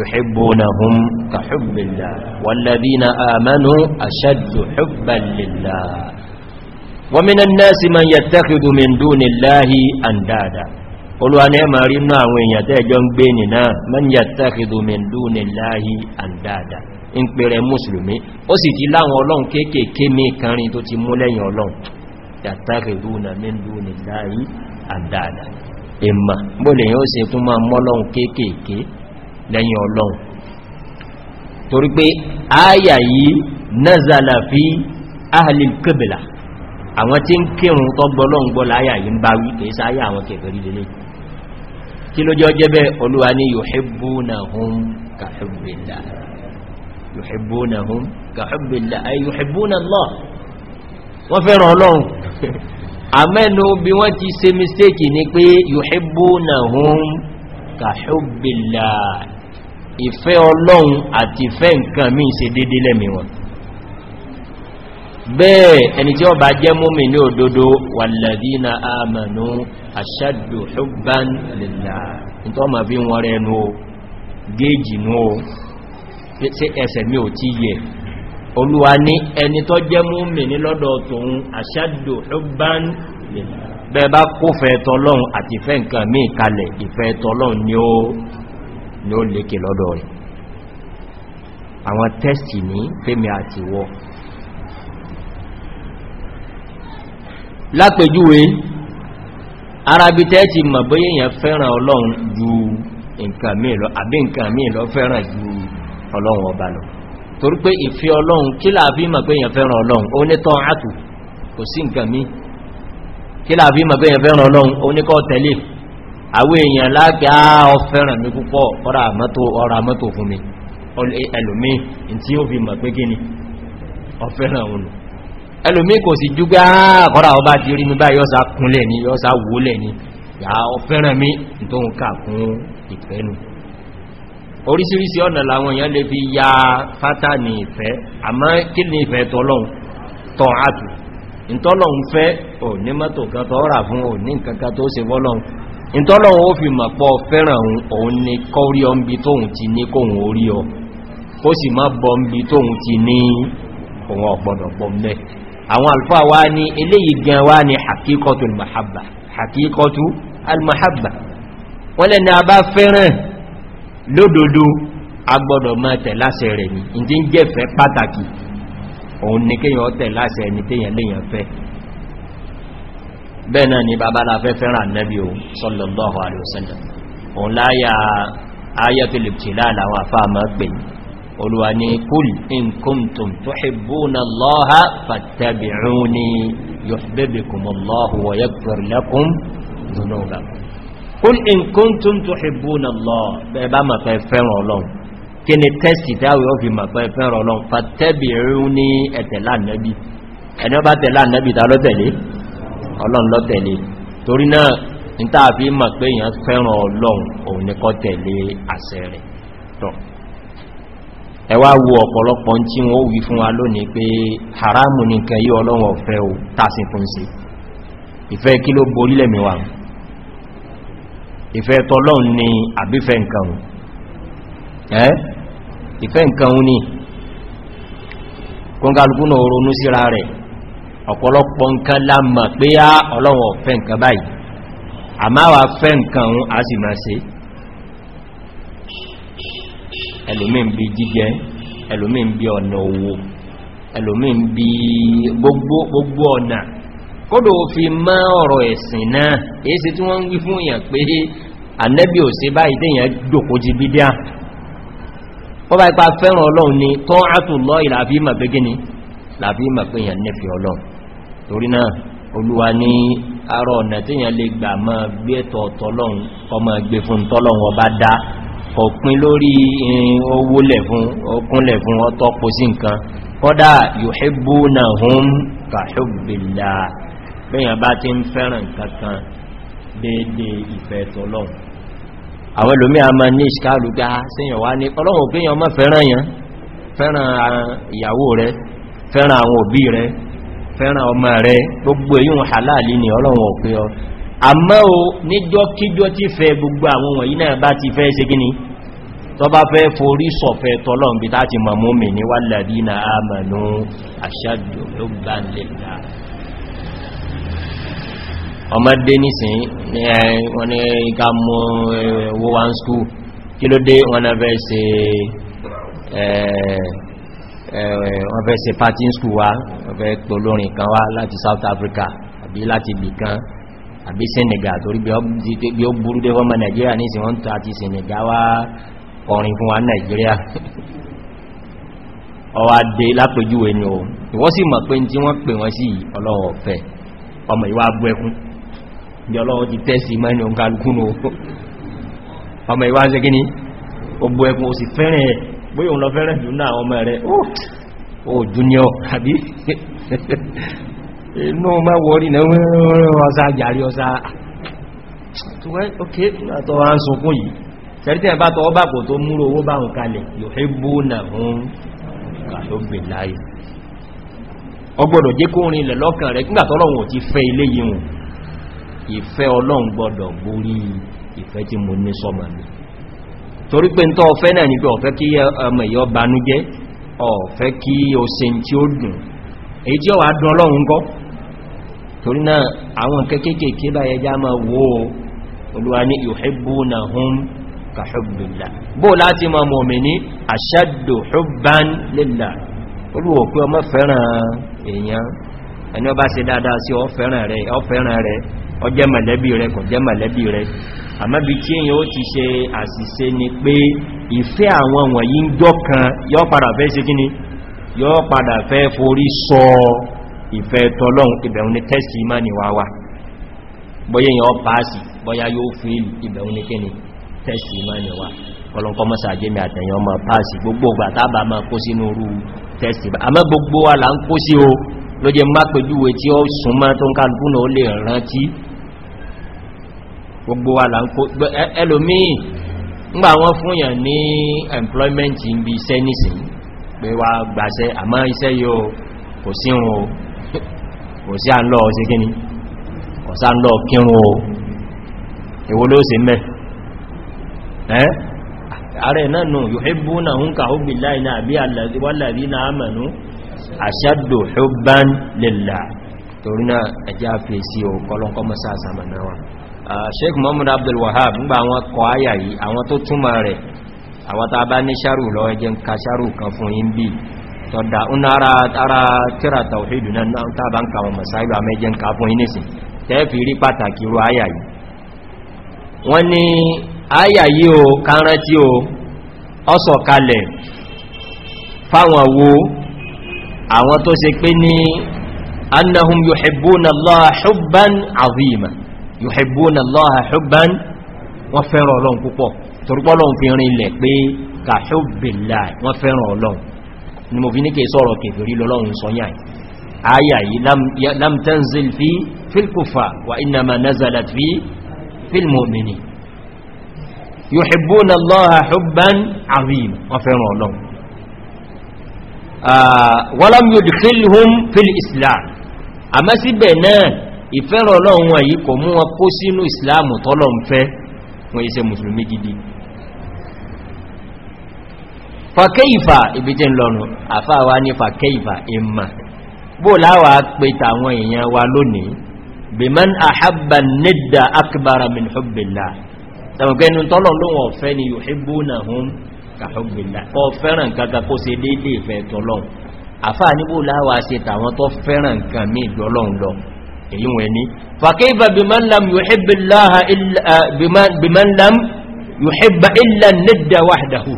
يحبونهم كحب الله والذين آمنوا أشد حبا لله ومن الناس من يتخذ من دون الله أندادا قلوا أنا ما رمنا وين يتجن بيننا من يتخذ من دون الله أندادا in pere musulmi o si ti láwọn ọlọ́run kéèkèé mé kanrin tó ti mú lẹ́yìn ọlọ́run yàtàkìdúnà mẹ́ndú nìláyí àdáadáa ìmà bóòlè yóò se tún máa mọ́lọ́run lẹ́yìn ọlọ́run torí pé áyà yìí nazala fi ahli al-qibla àwọn tí ń kírun tó gbọ́lọ́n gbọ́lá áyà yìí ń bá wí kìí sáyà àwọn kèfèrí lélẹ̀ kí ló jẹ́ ọjẹ́ bẹ́ olúwa ní yuhibbunahum ka hubbillah yuhibbunahum ka hubbillah wọ́n ti ṣe mistake ni pé yuhibbunahum ka hubbillah ìfẹ́ ọlọ́run àti ìfẹ́ nǹkan mí ṣe dédé lẹ́mí wọn bẹ́ẹ̀ ẹni tí ó bá jẹ́ múmi ní òdodo wàlàdínà àmànú ashaddu hubban lillah tó ma fi wọ́n rẹ̀ nú géèjì nú sí ẹsẹ̀ mi ò tí yẹ olúwa ní ẹni tó jẹ́ múmi ní lọ́dọ̀ tóun ashaddu hubban lillah bẹ́ẹ̀ bá kófẹ́ tọ́lọ́run àti ìfẹ́ nǹkan mí kalẹ̀ ìfẹ́ tọ́lọ́run ni ó ni ó lékè lọ́dọ̀ rẹ̀ àwọn tẹ́sì ní fẹ́mi àti wọ́ lápẹjúwe arabi tẹ́ẹ̀tì mọ̀ bóyé èyàn fẹ́ràn ọlọ́run ju nǹkan míì lọ àbí nǹkan míì lọ fẹ́ràn ju ọlọ́run ọba lọ torí pé ìfẹ́ ọlọ́run kí láàfí mọ̀ pé èyàn fẹ́ràn ọlọ́run ó ní tán àtù kò sí nǹkan míì kí láàfí mọ̀ pé èyàn fẹ́ràn ọlọ́run ó ní kọ́ tẹ́lẹ̀ àwọn èèyàn láàpẹ́ àà ah, ọ̀fẹ́ràn mi púpọ̀ ọ̀rà mọ́tò fún mi ẹlòmí tí ó fi mọ̀ pé gíní ọ̀fẹ́ràn òun ẹlòmí kò sì jú gbá kọ́rà ọba ti rí mi bá yọ́sá kúnlẹ̀ ní yọ́sá wúlẹ̀ ní yà ọ̀fẹ́ràn mi tó ń kà fún ìfẹ́nu orísìírísìí ọ̀nà làwọn èèyàn lè fi ya fátà ní ìfẹ́ àmọ́ kí ní ìfẹ́ tọ́lọ́un tọ́ àtù ìtọ́lọ́un fẹ́ ò ní mọ́tò kan tọ́ fún ò ní nǹkan kan tó se fọ́lọ́un ìtọ́lọ̀wọ́ ó fi mọ̀ pọ̀ fẹ́ràn òun ni kọ́ ọmbi tóhun ti ní kóhun orí ọ kó sì má tóhun ti ní òun ọ̀pọ̀dọ̀ bọmẹ́ àwọn alfa wá ní eléyìí gan wá ní almahabba wọ́n lẹ́ni a bá fẹ́ràn lódodo agbọ́dọ̀ máa tẹ̀ láṣẹ rẹ̀ ni ìdí ń pàtàkì òun ni kéyàn bẹ́ẹ̀ náà ni bàbá la fẹ́ fẹ́ràn nẹ́bí o sallallahu alaihi wasallam òun láyà ayatul ibtila láwọn àfáàmà pè olúwa ni kul in kuntum tuhibbuna allaha fattabi'uni yuhbibkumullahu wa yaghfir lakum dhunubakum kul in kuntum tuhibbuna allaha bẹ́ẹ̀ bá ma fẹ́ fẹ́ràn ọlọ́run kí ni tẹ́sì táwẹ̀ ó fi ẹni ó tẹ̀lá nẹ́bí ta ọlọ́run ló tẹ̀lé torí náà ní tàà fi mọ̀ pé èyàn fẹ́ràn ọlọ́run òun ní kó tẹ̀lé àṣẹ rẹ̀ tọ́ ẹ wo ọ̀pọ̀lọpọ̀ tí wọ́n wí fún wa lónìí pé haramu ní nǹkan yí ọlọ́run ọ̀fẹ́ o tàṣí fún sí ìfẹ́ kí ló borí lẹ́mìíwá ìfẹ́ ni àbífẹ́ nǹkan ẹ́ ìfẹ́ náà ronú síra rẹ̀ ọ̀pọ̀lọpọ̀ nǹkan la mọ̀ pé á ọlọ́wọ̀ fẹ́ nǹkan báyìí a máa wà fẹ́ nǹkan òun a sì máa ṣe ẹlòmín bí jíjẹ ẹlòmín bí ọ̀nà owó ẹlòmín bí gbogbo ọ̀nà kódò fi mọ́ ọ̀rọ̀ ẹ̀sìn náà èyí tí wọ́n ń wí fún èèyàn pé ànẹ́bí ò sí báyìí tèèyàn jòkó ti bídíà wọ́n bá ipa fẹ́ràn ọlọ́run ni tọ́ àtùlọ́ ìlàfíìmọ̀ pé gíní làfíìmọ̀ pé èèyàn nẹ́fẹ̀ẹ́ ọlọ́run torí náà olúwa ní àrọ̀ ọ̀nà tí yẹn lè gbà mọ́ gbé ẹ̀tọ́ tọ́lọ́run ọmọ gbé fún tọ́lọ́run ọba dá ọ̀pin lórí eh, owó lẹ̀ fún ọkúnlẹ̀ fún ọtọ́ sí nǹkan kọ́dá yòhébó na hún kàṣọ́bìlá bẹ́yàn bá ti ń fẹ́ràn kankan dédé ìfẹ́ tọ́lọ́run àwọn ìlòmí a ma ní ìṣkálùgá síyàn ah, wá ní ọlọ́run fẹ́ràn ah, ìyàwó rẹ̀ fẹ́ràn àwọn òbí rẹ̀ fẹ́ràn ọmọ rẹ gbogbo èyí wọn hàláàlì ní ọlọ́wọ̀n òpé ọ àmọ́ o níjọ́ kíjọ́ tí fẹ́ gbogbo àwọn wọ̀nyí náà bá ti fẹ́ ṣe gíní tó bá fẹ́ forí sọ̀fẹ́ tọ́lọ́n bí ní na Eh, wọ́n fẹ́ ṣe party school wa wọ́n fẹ́ pè olórin kan wá láti South Africa àbí láti bì kan àbí Senegal torí bí ó burú dé wọ́n Nigeria ní ìsìn wọ́n tó àti Senegal wá kọrin fún wa Nigeria ọwá dé lápèjúwe ni o ìwọ́n sì mọ̀ pé tí wọ́n pè wọ́n sí ọlọ́wọ̀ ọ̀fẹ́ ọmọ ìwà agbó ẹkún ní ọlọ́wọ́ ti tẹ́sì mẹ́rin òǹkàlùkún ọmọ ìwà ń ṣe gíní ogbó ẹkún ó sì fẹ́rẹ̀ bóyí òun lọ fẹ́rẹ̀ jù náà ọmọ rẹ̀ ó junior àbí inú ma wọ́rí na ọsá jàrí ọsá ok tó wá ń sunkún yìí tẹ́rítẹ́ bá tọwọ́ bá kò tó múrò owó bá ń kalẹ̀ ti mo ní mi torí pé tó ọ̀fẹ́ náà ní ọ̀fẹ́ kí eh, ọmọ o banú ọ̀fẹ́ kí o se tí ó dùn èyí tí ó wà dùn ọlọ́run gọ́ torí náà àwọn kéékèèké báyẹ ka o ẹni ó bá si dáadáa sí ọ rẹ̀ ọ fẹ́ràn rẹ̀ kò jẹ́ rẹ̀ àmọ́bí tí èyàn ó ti ṣe àṣìṣe ni pé ìfẹ́ àwọn wọ̀nyí ń jọ kan yọ́ padà fẹ́ ṣe kíní yọ́ padà fẹ́ forí sọ ìfẹ́ tọ́lọ́un ìbẹ̀un ni tẹ́sì ìmáni wà wà bóyá èyàn pàásì bóyá yóò fi ìbẹ̀un ni kíní tẹ́sì ìmáni wà kọlọ̀nkọ́ mọ́sà jẹ́mi àtẹ̀yàn ọmọ pàásì gbogbo ọgbà tábà máa kó sínú orú tẹ́sì àmọ́ gbogbo wa là ń kó sí o ló jẹ má pẹ̀júwe tí ó súnmọ́ tó ń kálukú náà ó lè rántí gbogbo wa là ń kó ẹlòmíì ńgbà wọ́n fúnyàn ní employment ń bí iṣẹ́ nìsìn pé wá gbàṣẹ́ àmọ́ iṣẹ́ yóò kò sí wọn kò sí à ń lọ ọ̀sẹ̀ gíní ọ̀sá ń lọ kírun o èwo ló sì mẹ́ ààrẹ náà nù yóò náà ń ka óbì láìna náà mẹ́nu Ah, sheik muhammad abdul wahab ń gba àwọn kọ àyà yìí àwọn tó túnmà rẹ̀ àwọn tàà bá ní ṣarù lọ ẹjẹ́ ń ka ṣarù kan fún yí ń bí tọ́dá ń ara tíra tàwíìdù náà tàà bá ń ka wọn masáìlú àmẹ́jẹ́ ń ka annahum yuhibbuna allaha hubban azima yuhibbuna Allaha hubban wọ́n fẹ́ràn ọlọ́run púpọ̀ torípọ́ ọlọ́run fi rin ilẹ̀ pé ka hubbillah wọ́n fẹ́ràn ọlọ́run ni mo fi ní kèé sọ́rọ̀ kèfèrí lọ́lọ́run sọ́yà ayà yìí lam tanzil fi fil kuffar wa innama nazalat fi fil mu'minin yuhibbuna Allaha hubban azim wọ́n ah, náà ìfẹ́rọ ọlọ́run wọn yìí kò mú wọn kó sínú ìsìláàmù tọ́lọ̀ ń fẹ́ wọn iṣẹ́ mùsùlùmí gidi fàkẹ́ìfà ibi tí ń lọ́nu àfáàwá ní fàkẹ́ìfà ìmà bó láwà pé tàwọn èèyàn wa lónìí bí mẹ́n àhábà nídà akbara min hubbilla tàbùkẹ́nu tọ́lọ̀ lóhun ọ̀fẹ́ ni yóò èyí wọ́n ní fàkífà biman lam yuhibba illa ah, nidda wahdahu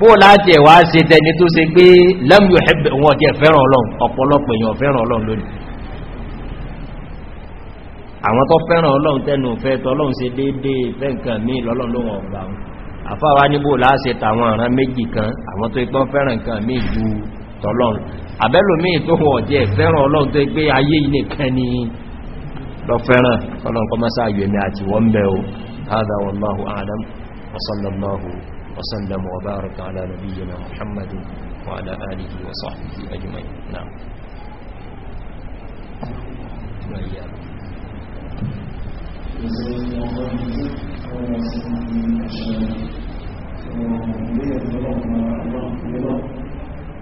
bó láti ẹ̀wà ṣe tẹni tó ṣe pé lam yuhibba wọn ti ẹ̀fẹ́ràn ọlọ́run ọ̀pọ̀lọpọ̀ èèyàn fẹ́ràn ọlọ́run lónìí àwọn tó fẹ́ràn ọlọ́run tẹ́nu fẹ́ tọ́lọ́run ṣe déédé fẹ́ nǹkan míì lọ́lọ́run ló wọ̀n gbà wọn àfáwà tọ́lọ́run àbẹ́lòmí tó wọ̀ jẹ́ fẹ́ràn ọlọ́run tó gbé ayé ilé kan ní lọ fẹ́ràn ọlọ́run kọ mọ́sá ayòmí àti wọ́n bẹ̀ o hádà wallahu a'lam wa sallallahu wa sallam wa baraka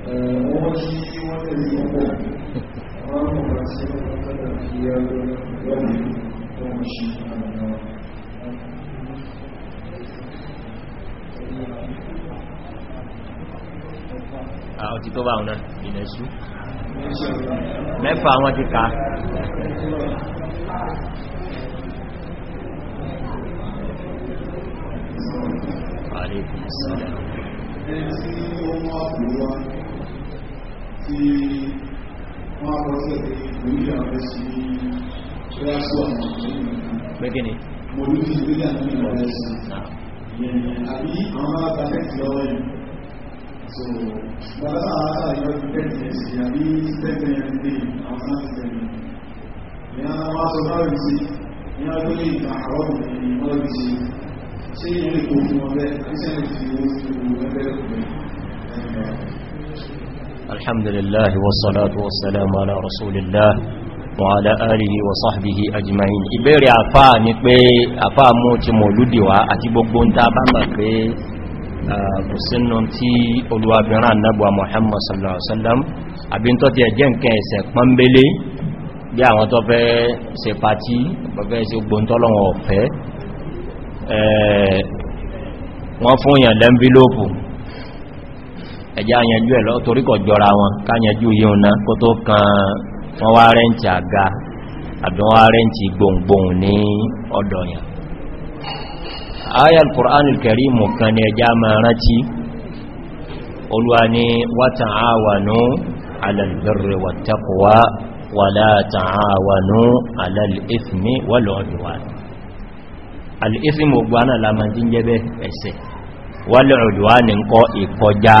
wọ́n ah, àwọn ti tó bá ọ̀nà ìlẹ̀ṣú mẹ́fà wọn ti ká Àríkùn sílẹ̀. Ẹni tí ó mọ́ àpùwá tí wọ́n á lọ sí ẹ̀dẹ̀ ìgbòmílẹ̀ sí rẹ́sù àwọn ọ̀rẹ́ mo ní ah. fi ìgbélé sí àbí àwọn àtàkẹ́tì lọ́wọ́ yìí so gbàdá àtàkẹ́tì lọ́wọ́ sí àbí tẹ́tẹ̀ ẹ̀rẹ́dẹ́ àwọn sáà ti tẹ̀lé ìyá wọn sọ báyìí sí ìyá tó ní ìgbà àwọn ọmọdé ọdún sí ṣé ìyẹn lè kó fún ọbẹ̀ àti sẹ́yìn fi owó fún ọbẹ̀ lẹ́kọ̀ọ́ الحمد لله والصلاة والسلام على رسول الله وعلى آله وصحبه أجمعين ìbéèrè àfá ní pé àfá mú ti mọ̀lúdì wá àti gbogbo ń ta bá mọ̀ pé kò sínú tí olúwàbìnrin annabuwa Muhammad sallallahu alaihi wasallam àbí tó ti ẹ̀jẹ́ nǹkan ẹ̀sẹ̀ pọ́nbélé bí àwọn tó fẹ́ ṣe pàtí bọ́fẹ́ sí gbóntọ́lọ́wọ̀n ọ̀fẹ́ wọ́n fún yàn lẹ́mbílópù ẹjá yanjú ẹ̀ lọ torí kọ̀ jọra wọn ká yanjú yíò náà kó tó kan wọ́n wá rẹ́ǹtì àga àbí wọ́n wá rẹ́ǹtì gbohùngbohùn ní ọ̀dọ̀ yàn ayal Qur'anul Karim kan ni ẹjá máa rántí olúwa ni wa ta'awanu 'alal birri wattaqwa wa ní ń kọ́ ìkọjá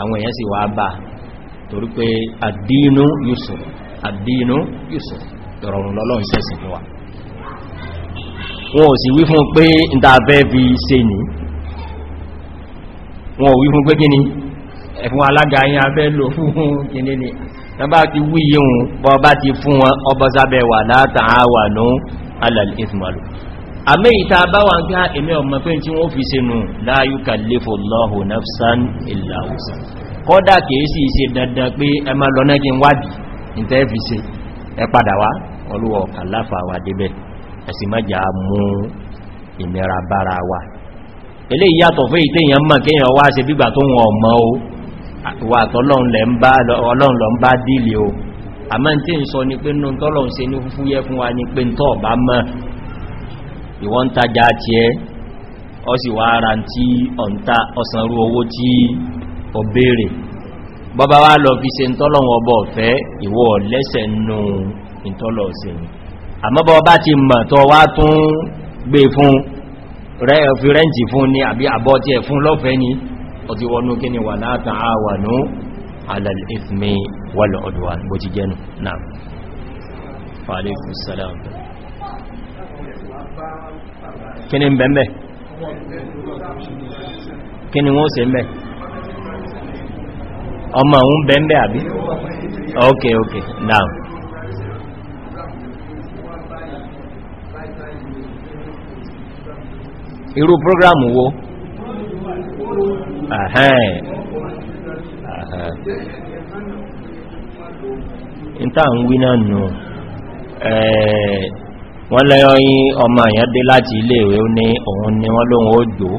àwọn èèyàn sì wá bá torí pé àdínú yusuf àdínú yusuf ìrọ̀rùn lọ́lọ́ ìṣẹ́sìn fún wa wọn ò sì wí fún pé ìdáfẹ́ fi ṣe ní wọn ò wí fún pé kí ni ẹ̀fún alága yìí afẹ́ lò fún kìíní ni tàbá ti wí yíò bọ́ bá ti fún wọn ọbọ́sábẹ̀ wà látàáwà ní alàlì àmì ìta bá wà ń ká èmì ọmọ pé tí wọ́n fi se nù la yukallifu Allahu nafsan illa wusa kọ́dá kìí sí ìse dandan pé ẹ ma lọ náà kí n wádìí ìtẹ́ fi se ẹ padà wá olúwọ̀ kàláfà wà débẹ̀ ẹ̀sì mẹ́jà mú ìnira bára wa ilé ìyàtọ̀ fún ìtẹ́ èèyàn mọ̀ kéèyàn wá ṣe bígbà tó wọn ọmọ o wà tọ́lọ́run lọ ń bá dílé o àmọ́ tí ń sọ ni pé nù tọ́lọ́run ṣe ní fúfúyẹ́ fún wa ni pé ń tọ́ ọ̀bá mọ́ ìwọ́n ń tajà tí ẹ ọ sì wá ara tí ọ̀ntá ọ̀sánrú owó tí ọ béèrè bọ́bá wá lọ fi ṣe ìtọ́lọ̀wọ̀n ọbọ̀ ọ̀fẹ́ ìwọ́ lẹ́sẹ̀ nù ìtọ́lọ̀ ọ̀sẹ̀ àmọ́bọ̀ bá ti mọ̀ tọ́ wá tún gbé e fún rẹ̀ fi rẹ́ǹtì fún ní àbí àbọ́ tí ẹ fún lọ́fẹ́ ní ọdí kini mbembe bẹ̀m̀bẹ̀ kí ni wọ́n ṣe mẹ́ ọmọ òun bẹ̀m̀bẹ̀ àbí ok ok now irú program wo ahẹ́n ahẹ́n ń wí náà nù ẹ̀ẹ́ wọ́n lẹ́yìn ọmọ èèyàn dé láti ilé ìwé ní òun ni wọ́n lóhun ó jò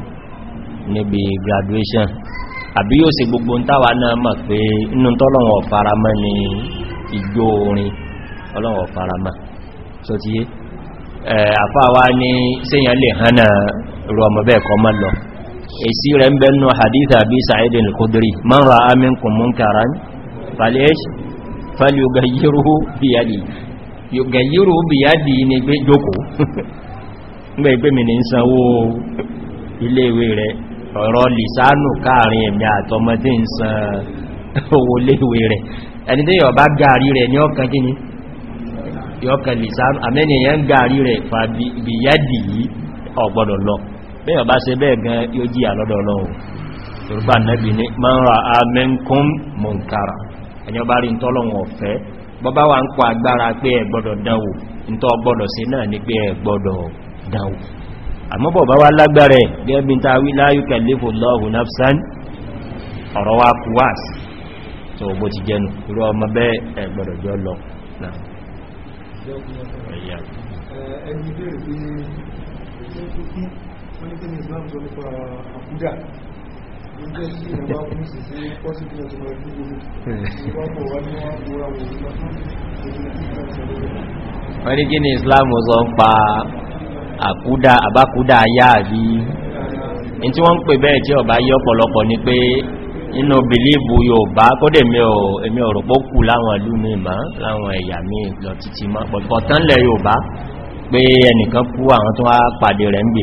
graduation àbí yóò gbogbo ń táwà náà mọ̀ pé inú tọ́lọ̀wọ̀ faramọ́ ni igbó orin ọlọ́wọ̀ faramọ́ so ti yé àfáwá ní séyàn lè hánà rọ ọmọ bẹ́ẹ̀ kọ mọ́ lọ èsí rẹ̀ ń bẹ́nu hadith àbí sa'idin al gẹ̀yírò bìyàdì ní pé jókó gbẹ̀ pé mi ní sanwó iléèwé rẹ̀ ọ̀rọ̀ lìsánù káàrin ẹ̀mí àtọmọ tí ń san owó léèwé rẹ̀ ẹni tí yọ bá gàrí rẹ̀ ní ọkàn kíní yọkàn lìsánù àmẹ́nìyàn gàrí rẹ̀ fà bìyàdì yìí ọ̀gbọ́dọ̀ lọ bẹ́yọ̀ bá ṣe bẹ́ẹ̀ gan yóò jí àlọ́dọ̀ ọlọ́run yorùbá nẹ́bì ní mọ́ra amẹ́kún mọ̀ǹkàrà ẹni ọba rí ń tọ́lọ́wọ̀n ọ̀fẹ́ bọ́bá wà ń kọ agbára pé ẹ gbọ́dọ̀ dánwò nítọ́ gbọ́dọ̀ sí náà ní pé ẹ gbọ́dọ̀ dánwò àmọ́ bọ̀bá wá lágbàrẹ̀ gẹ́bí ta wí Allahu nafsan ọ̀rọ̀ wá kú wá sí tó bó ti wọ́n ní gíní islam sọ ń pa àkúdá àbákúdá ayá àbí in tí wọ́n ń pè bẹ́ẹ̀ tí ọba yí ọ̀pọ̀lọpọ̀ ni pé inú bìlíbù Yorùbá kódè èmi ọ̀rọ̀pọ̀ kù láwọn ìlú mi ma láwọn ẹ̀yà mi lọ títí ma pọ̀tánlẹ̀ Yorùbá pé ẹnìkan kú àwọn tó wá pàdé rẹ̀ ń gbì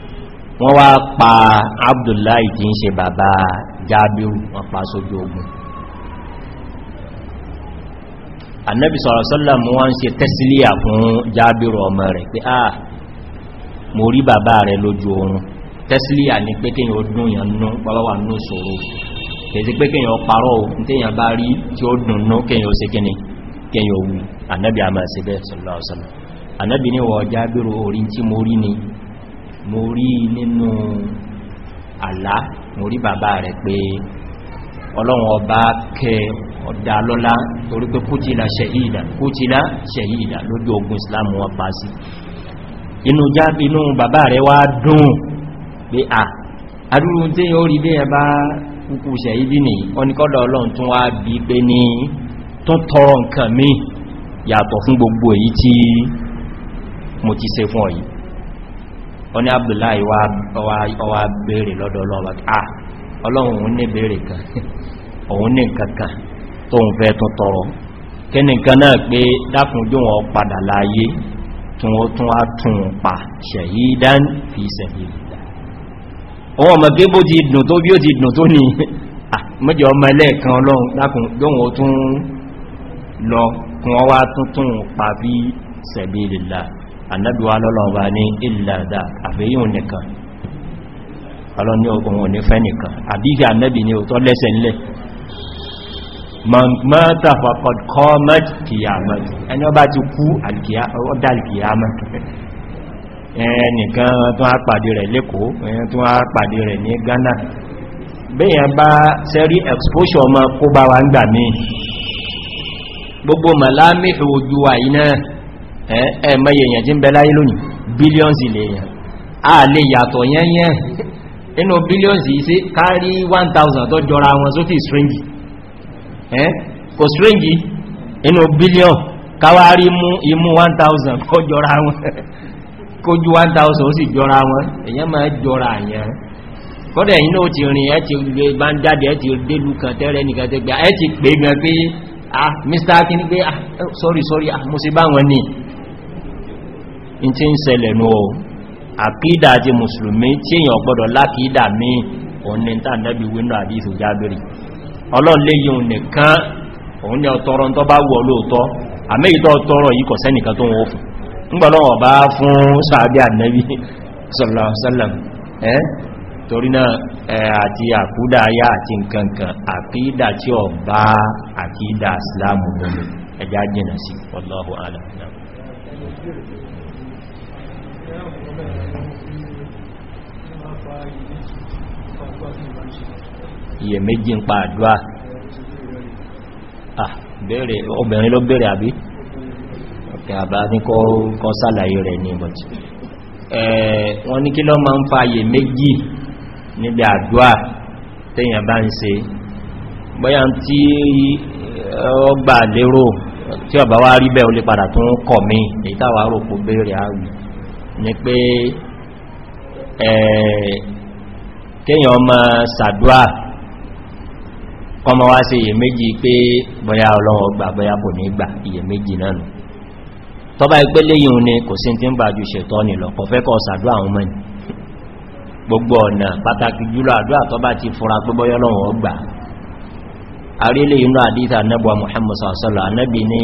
wọ́n wá pa abdullahi tí ń ṣe bàbá jábíù wọ́n pa sójú ogun annabi sọ̀rọ̀sọ́lá mú wọ́n ṣe tẹ́sílíà fún jábíù ọmọ a ah, mo rí bàbá rẹ̀ lójú oorun tẹ́sílíà ni pé kíyàn ó dùn yàn nú pọ́lọ́wà nú sòrò kèsí pé bari parọ́ annabi mo rí nínú àlá mo rí bàbá rẹ̀ pé ọlọ́run ọba kẹ ọ̀dá lọ́lá torí pé kútìlá ṣẹ̀yìdà kútìlá ṣẹ̀yìdà lójú ogun islam wọn pa sí inú já inú bàbá rẹ̀ wá dùn pé à adúrú tí ó rí bí ẹbá kúkú ṣẹ̀yìdì ní ọnikọ́dọ̀ ọlọ́run tún wá bí pé ní tó tọrọ wọ́n ni abdullahi wa bèèrè lọ́dọ̀ ọlọ́wà ah ọlọ́run òun ní bèèrè kan òun ní kankan tó ń fẹ́ tó tọrọ kí ni kan náà pé dákùn jú wọn padà láyé tún ó tún á pa ṣẹ̀yídán fi sẹ̀yídá ohun ọmọ pé bó ti dùn tó bí ó ti dùn tó ní ah, mẹ́jọ ọmọ ẹlẹ́ẹ̀kan ọlọ́run dákùn jú wọn tún lọ tuntun pa fi sẹ̀yídá annabiwa lọ́lọ́ọ̀bá ní ìlàdà àfẹ́yìn nìkan ọlọ́ni ohun òní fẹ́ nìkan àbígà annabi ni òtọ́ lẹ́sẹ̀ nílẹ̀ mọ́ta fàkọ̀d kọ́mọ́t kìyàmọ́ ẹni ọba ti kú ọdálìkìyàmọ́ ẹnìkan tó á pàdé rẹ̀ lẹ́kọ̀ọ́ ẹni tó exposure ọmọ kó bá wa ń gbà ojú wa yìí ẹ̀mẹ́yẹ èyàn tí ń bẹ láyé lónìí bílíọ̀nsì lè èyàn a lè yàtọ̀ yẹ́yẹ́ inú bílíọ̀nsì sí kárí 1000 tó jọra wọn sókè stringi kò stringi inú bílíọ̀n káwárí mú imú 1000 kó jọra wọn kójú 1000 ó sì jọra wọn èyàn máa jọra àyàn kọ́dẹ̀ inú ti rìn ẹ ti gbé bá ń jáde ẹ ti délù kan tẹ́rẹ nìkan tẹ́gbà ẹ ti pè gan pé ah mr akini pé ah oh, sorry sorry ah mo sì bá wọn ní in ti ń ṣẹlẹ̀ ní o àkídà àti mùsùlùmí tí èyàn gbọ́dọ̀ lákídà mí òní tàà nẹ́bí wínú àdíṣù jábìrì ọlọ́lé yíò nìkan òun ni ọ̀tọ́rọ tó bá wù olóòtọ́ sallallahu torí náà àti àkúdà ayá àti nkankan àkídà tí ọ bá àkídà islamu lórí ẹjá jìnà sí wallahu a'lam iye méjì ń pa àdúwà ah, obìnrin ló bèèrè àbí ọ̀kẹ́ àbá ní kọ́ sálàyé rẹ̀ ní ìbọ̀tí wọ́n ní kí lọ máa ń fa iye méjì níbi àdúà tẹ́yàn bá ń ṣe bọ́yá tí ọgbà lérò tí ọba wá rí bẹ́ o lè padà tún kọ̀ mí èyí táwà rò kò bèèrè àrùn ni pé kéèyàn ọmọ sàdúà kọmọ wá sí iyèméjì pé bọ́yá ọlọ́run ọgbà bọ́yá kò ní gbà iyèméjì náà nù tọ́bá ẹgbẹ́lẹ́yìn ni kò sí ti ń bàjú ṣètọ́ nìlọ kọ̀fẹ́kọ̀ sàdúà àwọn mẹ́rin gbogbo ọ̀nà pàtàkì jùlọ àdúrà tó bá ti fura pé bọ́yọ́lọ́wọ́ gbà àrílẹ̀ inú àdíta annabuwa muhammadu sallallahu annabi ni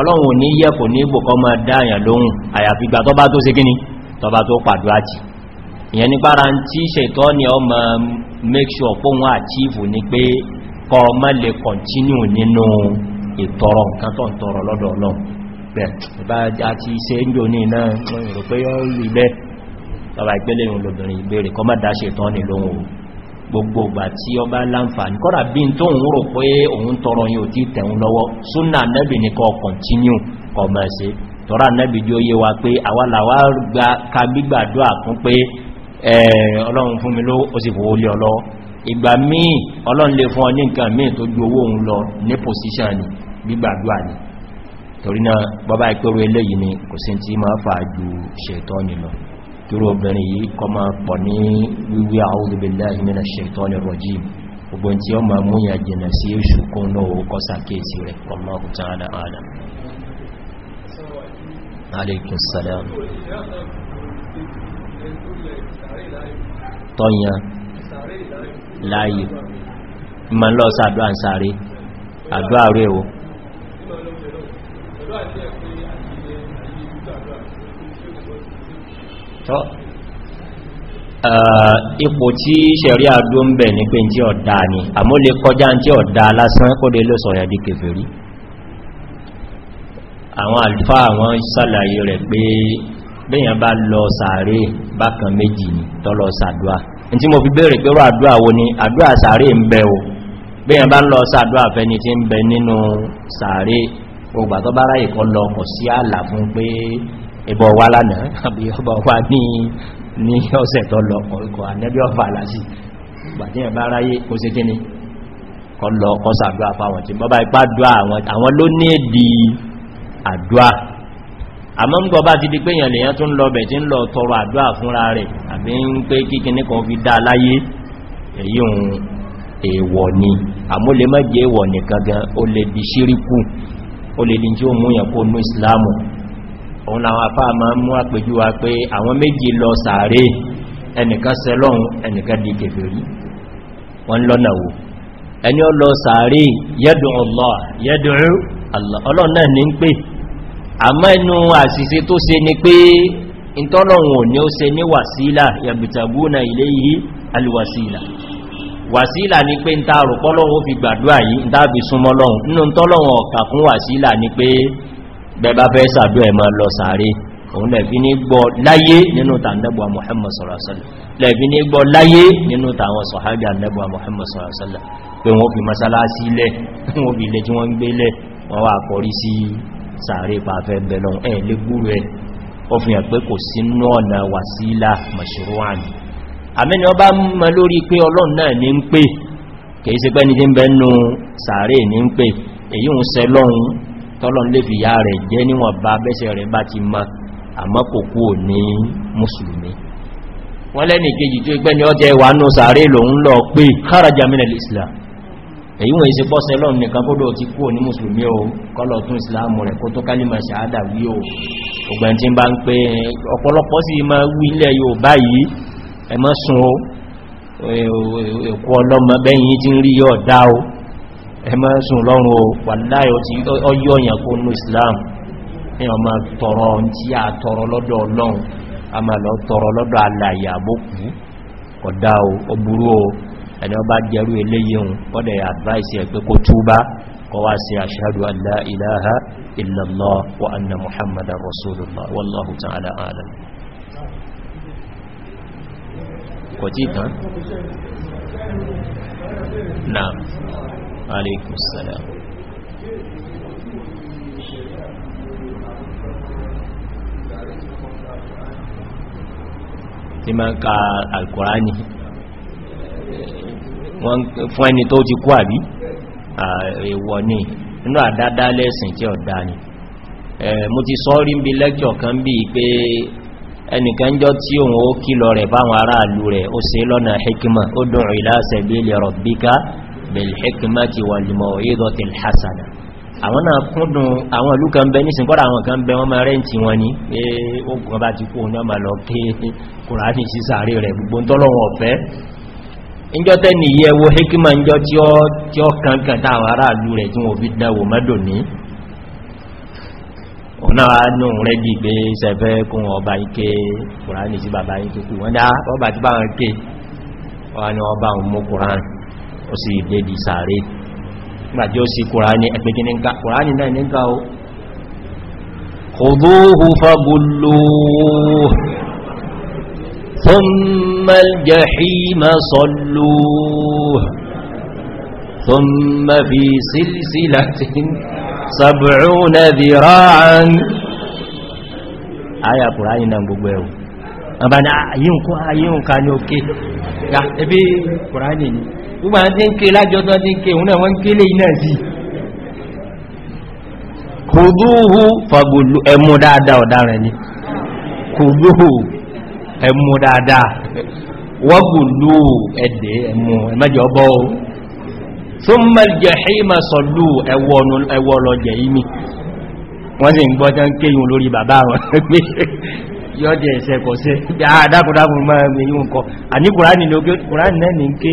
ọlọ́run ní yẹ kò ní ibò kọ́ máa dáyàn lóhun àyàfi ìgbà tó bá tó ṣe gíní tó bá tó pàdúrà jì ìyẹn ní pára tí ṣètọ́ ni ọ ma make sure pó wọn àtíìfù ní ti ṣe ń jò ní iná rò pé rí bẹ́ẹ̀ lọ́wà ìgbẹ́lẹ̀ ìrùn lóbìnrin ìbéèrè kọ má dáṣe tán ní lóhun o gbogbo ìgbà tí ó bá láǹfààní kọ́dà bí n tó ń rò pé òun tọrọ yóò tí tẹ̀un lọ́wọ́ súnà nẹ́bì ní kọ kọ̀ntínú kọmọ̀ sí tọ́rà nẹ́bì jí ó yé wa pé àwálàwà torí náà bọ́bá ìpẹ́rú eléyìí ni kò sí tí máa fà ju ṣètọ́ ni lọ tíró obìnrin yìí kọ máa pọ̀ ní wíwí a'udhu billahi minash shaitani rajim gbogbo tí ó máa mú yà jìnà sí èṣù kún náà kọ́ sàkéèsì rẹ̀ wallahu ta'ala a'lam alaykum salam tọ́yà láàyè ma tọ́ uh, ipò tí ṣẹ̀rí àdó ń bẹ̀ ní pé tí ọ̀dá ni àmó lè kọjá tí ọ̀dá lásán kódé ló sọ̀rọ̀ di kèfèrí àwọn àlfà àwọn sàlàyé rẹ̀ pé bẹ́yàn bá lọ sàárè bákan méjì ni tọ́lọ sàdúà tí mo fi bèèrè pé àdúà wo ni àdúà sàárè ń bẹ o bẹ́yàn bá lọ sàdúà fẹ́ni tí ìbọ̀ wá lánàá àbí ọba wá ní ní ọ̀sẹ̀ tó lọ ọ̀rọ̀kọ̀ ànẹ́bí ọ̀fà lásì gbàtí ẹ̀bá aráyé kó sí kíní kọ lọ kọ sàdúà fáwọn tí bọ́bá ipá dúà àwọn ló ní èdè àdúà àmọ́ ń gọba ti di pé èyàn lèyàn tún lọ bẹ̀ tí ń lọ tọrọ àdúà fúnra rẹ̀ àbí ń pé kíkiní kan fi dá láyé èyí ohun èèwọ̀ ni àmúlé mẹ́jẹ èèwọ̀ nìkan òun làwọn afá ma mú àpèjú wa pé àwọn méjì lọ sàárè ẹnìkan sẹlọ́un ẹnìkan di kèfèrí wọ́n lọ́nà wò ẹni ó lọ sàárè yẹ́dù Allah yẹ́dù Allah ọlọ́run náà ní ń pè àmọ́ ẹnu àṣìṣe tó ṣe ni pé ìtọ́lọ̀wọ̀n ni ó ṣe ní wàsílà yàbìtàbúnà ilé yìí alìwàsílà wàsílà ni pé ń ta àrùpọ́lọ́wọ́ fi gbàdúrà yìí ń tàbí súnmọ́lọ́wọ́n nínú tọ́lọ̀wọ̀n ọ̀kà fún wàsílà ni pé bẹba fẹ́ sàdó ẹ̀ máa lọ sàárè òun lẹ́fí ní gbọ́ láyé nínú tàndẹ́bùwa Muhammad sallallahu alaihi wasallam lẹ́fí ní gbọ́ láyé nínú tàwọn sọ̀hábí àndẹ́bùwa Muhammad sallallahu alaihi wasallam pé wọ́n fi masalasi ilẹ̀ wọ́n fi ilẹ̀ tí wọ́n ń gbé lẹ̀ wọ́n wà kọrí sí sàárè pàfẹ́ bẹ̀lọ́n ẹ̀ lé gúrú ẹ̀ ó fi hàn pé kò sí nọ́ọ̀nà wàsílà mashru'ani àmẹ́ni ọba mọ́ lórí pé ọlọ́run náà ní ń pè kìí ṣe pẹ́ni tí ń bẹ́nu sàárè ní ń pè èyí ń sẹ lọ́run tọ́lọ̀n lè fi ya rẹ̀ jẹ́ níwọ̀n bá bẹ́sẹ̀ rẹ̀ bá ti ma àmọ́ kò kú ò ní mùsùlùmí wọ́n lẹ́nì kejì tó gbẹ́ ni ọjẹ́ ìwà náà sàárè lòun lọ pé kharaja min al-islam èyí wọ́n ìse pọ́sẹ̀ lọ́n nìkan kódò ti kú ò ní mùsùlùmí o kọ́lọ̀ tún islamu rẹ̀ kó tó kálìmà ṣàádà wí o ọgbẹ̀n tí bá ń ma wí ilẹ̀ yóò ọlọ́mọ bẹ́yìn tí ń rí yóò dá ẹmọ́ sùn lọ́rùn wàláyé ọyọ́yàn kó ní islam ní ọmọ tọrọ tí a tọrọ lọ́dọ̀ ọlọ́run a máa lọ tọrọ lọ́dọ̀ alàyà àbókù ọ̀dá o burú o ẹni ọba jẹrú eléyìn ọdẹ̀ advice ẹ̀ pé kó túbá kọ wá sí aṣáàdù allá ìlàhà illallah wa عليكم السلام tí ma ń ka fun eni to ẹni tó ti kú àbí èwọ̀ ní inú àdádá lẹ́sìn tí ọ̀dá ni mo ti so ri bí lẹ́kṣọ̀ kan bí pé ẹnìkan jọ tí òun ó kí lọ rẹ̀ fáwọn aráàlú rẹ̀ ó ṣe lọ́nà hikima ó dùn ila sabili rabbika bilhikmati wal maw'izati alhasana àwọn náà kúndùn àwọn ìlú kan bẹ nísìn kọ́dà àwọn kan bẹ wọ́n máa rẹ́ǹtì wọn ní pé ogun bá ti kú ní ọmọ lọ pé kùránì sí sàárè rẹ̀ gbogbo tọ́lọ́wọ̀n ọ̀fẹ́ ìjọ tẹ́ni yí ẹwọ hikima ìjọ tí ó kankan táwọn aráàlú rẹ̀ tí wọ́n fi dánwò mọ́dò ní ike kùránì sí bàbá ike kú wọ́n dá ah, ti bá wọn ké ni ọba òun mú ó sì débi sàárè gbàjẹ́ ó sì kùránì ẹgbẹ́gẹ́ níka kùránì náà níka ó kòdóhù fagulò thummaljahima sọlò thummafi silsilatin sab'una dhira'an aya kùránì náà gbogbo ẹ̀wọ̀ àbáni àyíǹkú àyíǹkà ní òkè ẹbí kùránì ni nígbà tí ń ké lájọ́ tó ti ń ké òun náà wọ́n ń ké lè iná sí kòdúhù fagolú ẹmú dáadáa ọ̀daràn ni kòdúhù ẹmú dáadáa wọ́gùlú ẹ̀dẹ̀ ẹmú ẹmẹ́jọ bọ́ o tún mẹ́jẹ̀ ṣíma sọ̀lú ẹwọ́ ọlọ́jẹ̀ yìí wọ́n sì ń gbọ́ tán kéyùn yíò nǹkan àní náà ní ń ké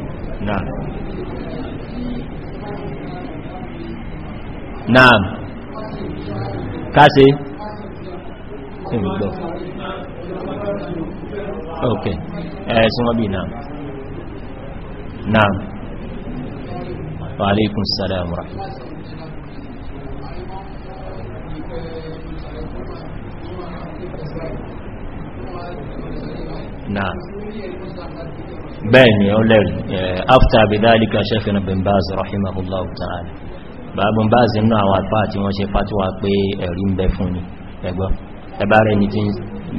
Nah. Nah. Kasih. Okey. Okay. Eh semua bina. Nah. Waalaikumsalam warahmatullahi wabarakatuh. Nah. bẹ́ẹ̀ni ọlẹ́rì eh, after abidalika sẹ́fẹ́nà bimbaz rahimahullahu ta'ala bàbùn bá sí inú àwọn àpá àti wọ́n ṣe fàtíwà pé ẹ̀rí ń bẹ fún ní ẹgbọ́ ẹbá rẹ̀ ní tí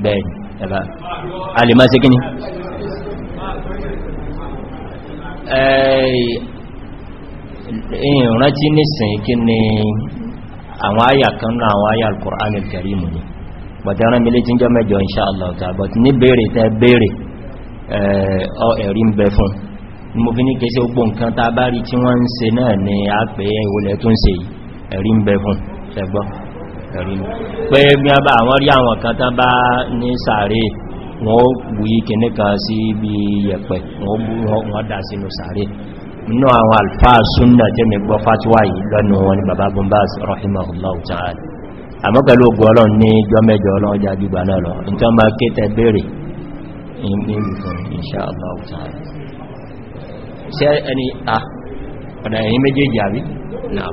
bẹ́ẹ̀ni ẹbá alìmá sí kíní eh, ìrántí nìsìn kí ni àwọn àyà kan náà àwọn àyà al-Qur'an ni bọ̀tẹ́rán tí ń jọ mẹ́jọ inṣáàlá ọ̀tà ní bèèrè tẹ́ bèèrè Eh, ẹ̀rí ń bẹ fún mo fi ní kéṣe ogbò nǹkan ta bá rí tí wọ́n ń ṣe náà ni a pè ìwòlẹ̀ tó ń ṣe ẹ̀rí ń bẹ fún ṣẹgbọ́ ẹ̀rí pé bí a bá àwọn rí àwọn kan tán bá ní sàárè wọ́n wùyí kìní kan sí ibi yẹ̀pẹ̀ wọ́n dá sínú sàárè nínú àwọn alfáà súnnà jẹ́mi gbọ́ fátíwá yìí lọ́nà wọn ni bàbá bombas rahimahullahu ta'ala àmọ́ pẹ̀lú ogun ọlọ́run ní jọ́mẹ́jọ ọlọ́run jágbígbà náà lọ nítọ́ ma kéte bèèrè in name fún inshallah ta'ala ṣe ẹni a ọ̀dá ẹ̀yìn méjèèjì àrí náà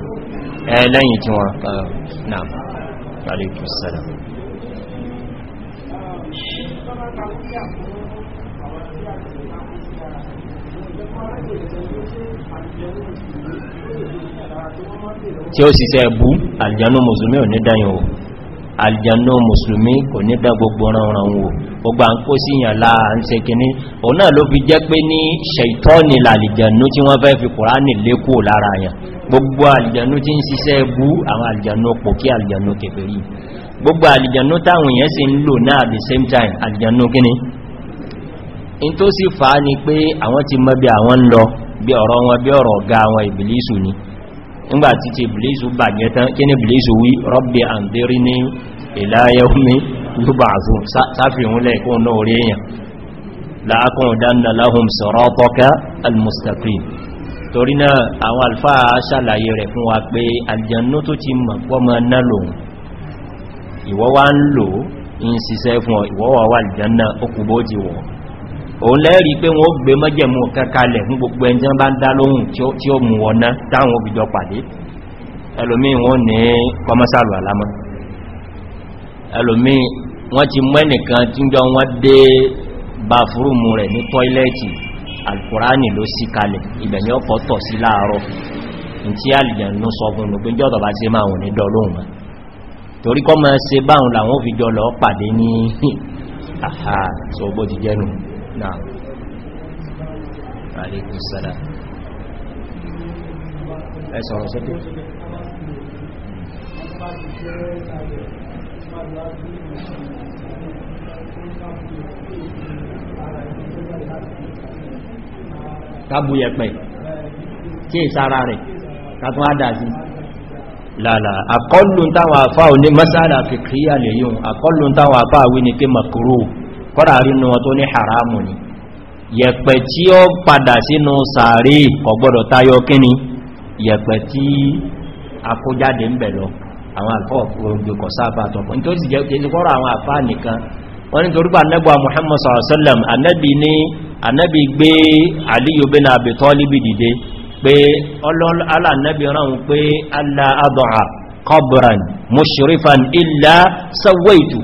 ẹlẹ́yìn tí wọ́n náà alaykum salam tí ó sì sẹ́ ẹ̀bú àlìjánú mùsùlùmí ò ní dáyìn ohun aljanna musulmi kò ní dá gbogbo ránran wò gbogbo à ń kó sí yàn láà ń se kìíní òun náà ló fi jẹ́ pé ní ṣeitọ́ni làlìjànú tí wọ́n fẹ́ fi kùránì lékò lára yàn gbogbo aljannu tí ń siṣẹ́ bú àwọn aljannu pò kí aljannu kèfèrí gbogbo aljannu táwọn èèyàn sì ń lò náà the same time aljannu kíní in tó sì fàá ni pé àwọn ti mọ́ bí àwọn ń lọ bí ọ̀rọ̀ wọn bí ọ̀rọ̀ ọ̀gá àwọn ìbìlísù ni nígbà tí ti bìlìsù bàjẹ́ tán kí ní bìlìsù wí rọ́bì àndírí ní ìláyẹ̀húnmí lúbàzù sáfihúnlẹ̀ kó náà orí èyàn láàkùn dánà láhùn sọ̀rọ̀ tọ́ká almustaqim torí náà àwọn alfa ṣàlàyé rẹ̀ fún wa pé aljannu tó ti mọ̀ pọ́mọ náà lòun ìwọ́ wá ń lò ń siṣẹ́ fún ìwọ́ wà wà aljanna ó kù bó ti wọ̀ òun lẹ́rí pé wọ́n gbé mọ́jẹ̀mú kankalẹ̀ fún gbogbo ẹni tí wọ́n bá ń dá lóhun tí ó mú ọ̀nà táwọn òbìjọ pàdé ẹlòmí wọ́n ní kọmọ́sàlù alámọ́ ẹlòmí wọ́n ti mọ́ ẹnìkan tí jọ wọ́n dé bá fúrùmù rẹ̀ ní tọ́ílẹ̀tì alkùránì ló sí kalẹ̀ ibẹ̀ ni ọkọ̀ tọ̀ sí láàárọ̀ tí alìjẹ̀nú sọ fún ìgbẹ́ jọ́ tọ̀bá نعم عليكم السلام ẹ sọ̀rọ̀ sókè kábù yẹ̀pẹ̀ kí ìsára rẹ̀ kàtún àdájí láàlá àkọlù táwọn àfáà ní masala fìkíyà lè yíò àkọlù táwọn àfáà wí ní pé makuru kọ́dà rínú wọn tó ní haramu ni yẹ̀pẹ̀ tí ó padà sínú sàárè ọgbọ́dọ̀ tayọ kíni yẹ̀pẹ̀ tí akójáde ń bẹ̀ lọ àwọn àkọ́ọ̀gbẹ̀ kọ̀ sáàbà tọ̀pọ̀ ní tó sì jẹ́ kéjì kọ́rọ̀ àwọn àfá nìkan wọ́n ni torípa anẹ́gbà Muhammad sallallahu anẹ́bì ní anẹ́bì gbé Aliyu bin Abi Talib qabran mushrifan illa sawaituhu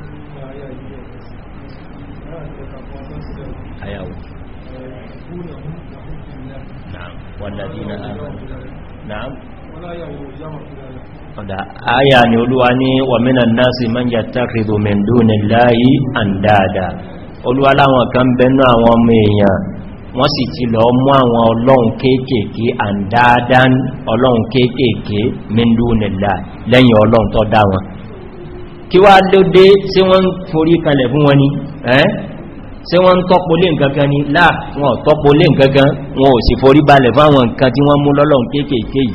ayawo na'am walladina amanu na'am ọ̀dá ayà ni olúwa ní wàmínà náàsì man yattakhidhu min dunillahi andada olúwa láwọn kan bẹnu àwọn ọmọ èèyàn wọ́n sì ti lọ mú àwọn ọlọ́run kéèkèé andadan ọlọ́run kéèkèé min dunillahi lẹ́yìn ọlọ́run tó dá wọn kí wá lóde eh ṣé wọ́n ń tọ́pọ̀ lé nǹkankan ni láà wọn tọ́pọ̀ lé nǹkankan wọn ò sì forí balẹ̀ fáwọn nǹkan tí wọ́n mú lọ́lọ́n kéèkèé yìí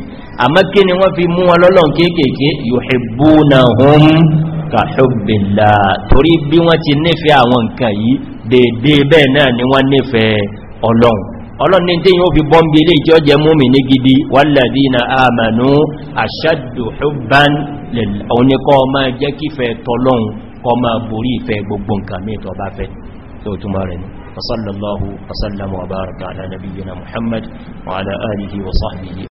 àmọ́ kí ni wọ́n fi mú wọn lọ́lọ́n kéèkèé yuhibbunahum ka hubbillah torí bí wọ́n ti nífẹ̀ẹ́ àwọn nǹkan yìí dédé bẹ́ẹ̀ náà ni wọ́n nífẹ̀ẹ́ ọlọ́run ọlọ́run ní tí yíó fi bọ́m̀bí ilé ìjọ jẹ múmi ní gidi walladhina amanu ashaddu hubban lil oníkọ́ ọmọ jẹ́ fe tọ́lọ́run kọ máa borí ìfẹ́ gbogbo nǹkan mí tó bá fẹ́ وتمارن وصلى الله وسلم وبارك على نبينا محمد وعلى آله وصحبه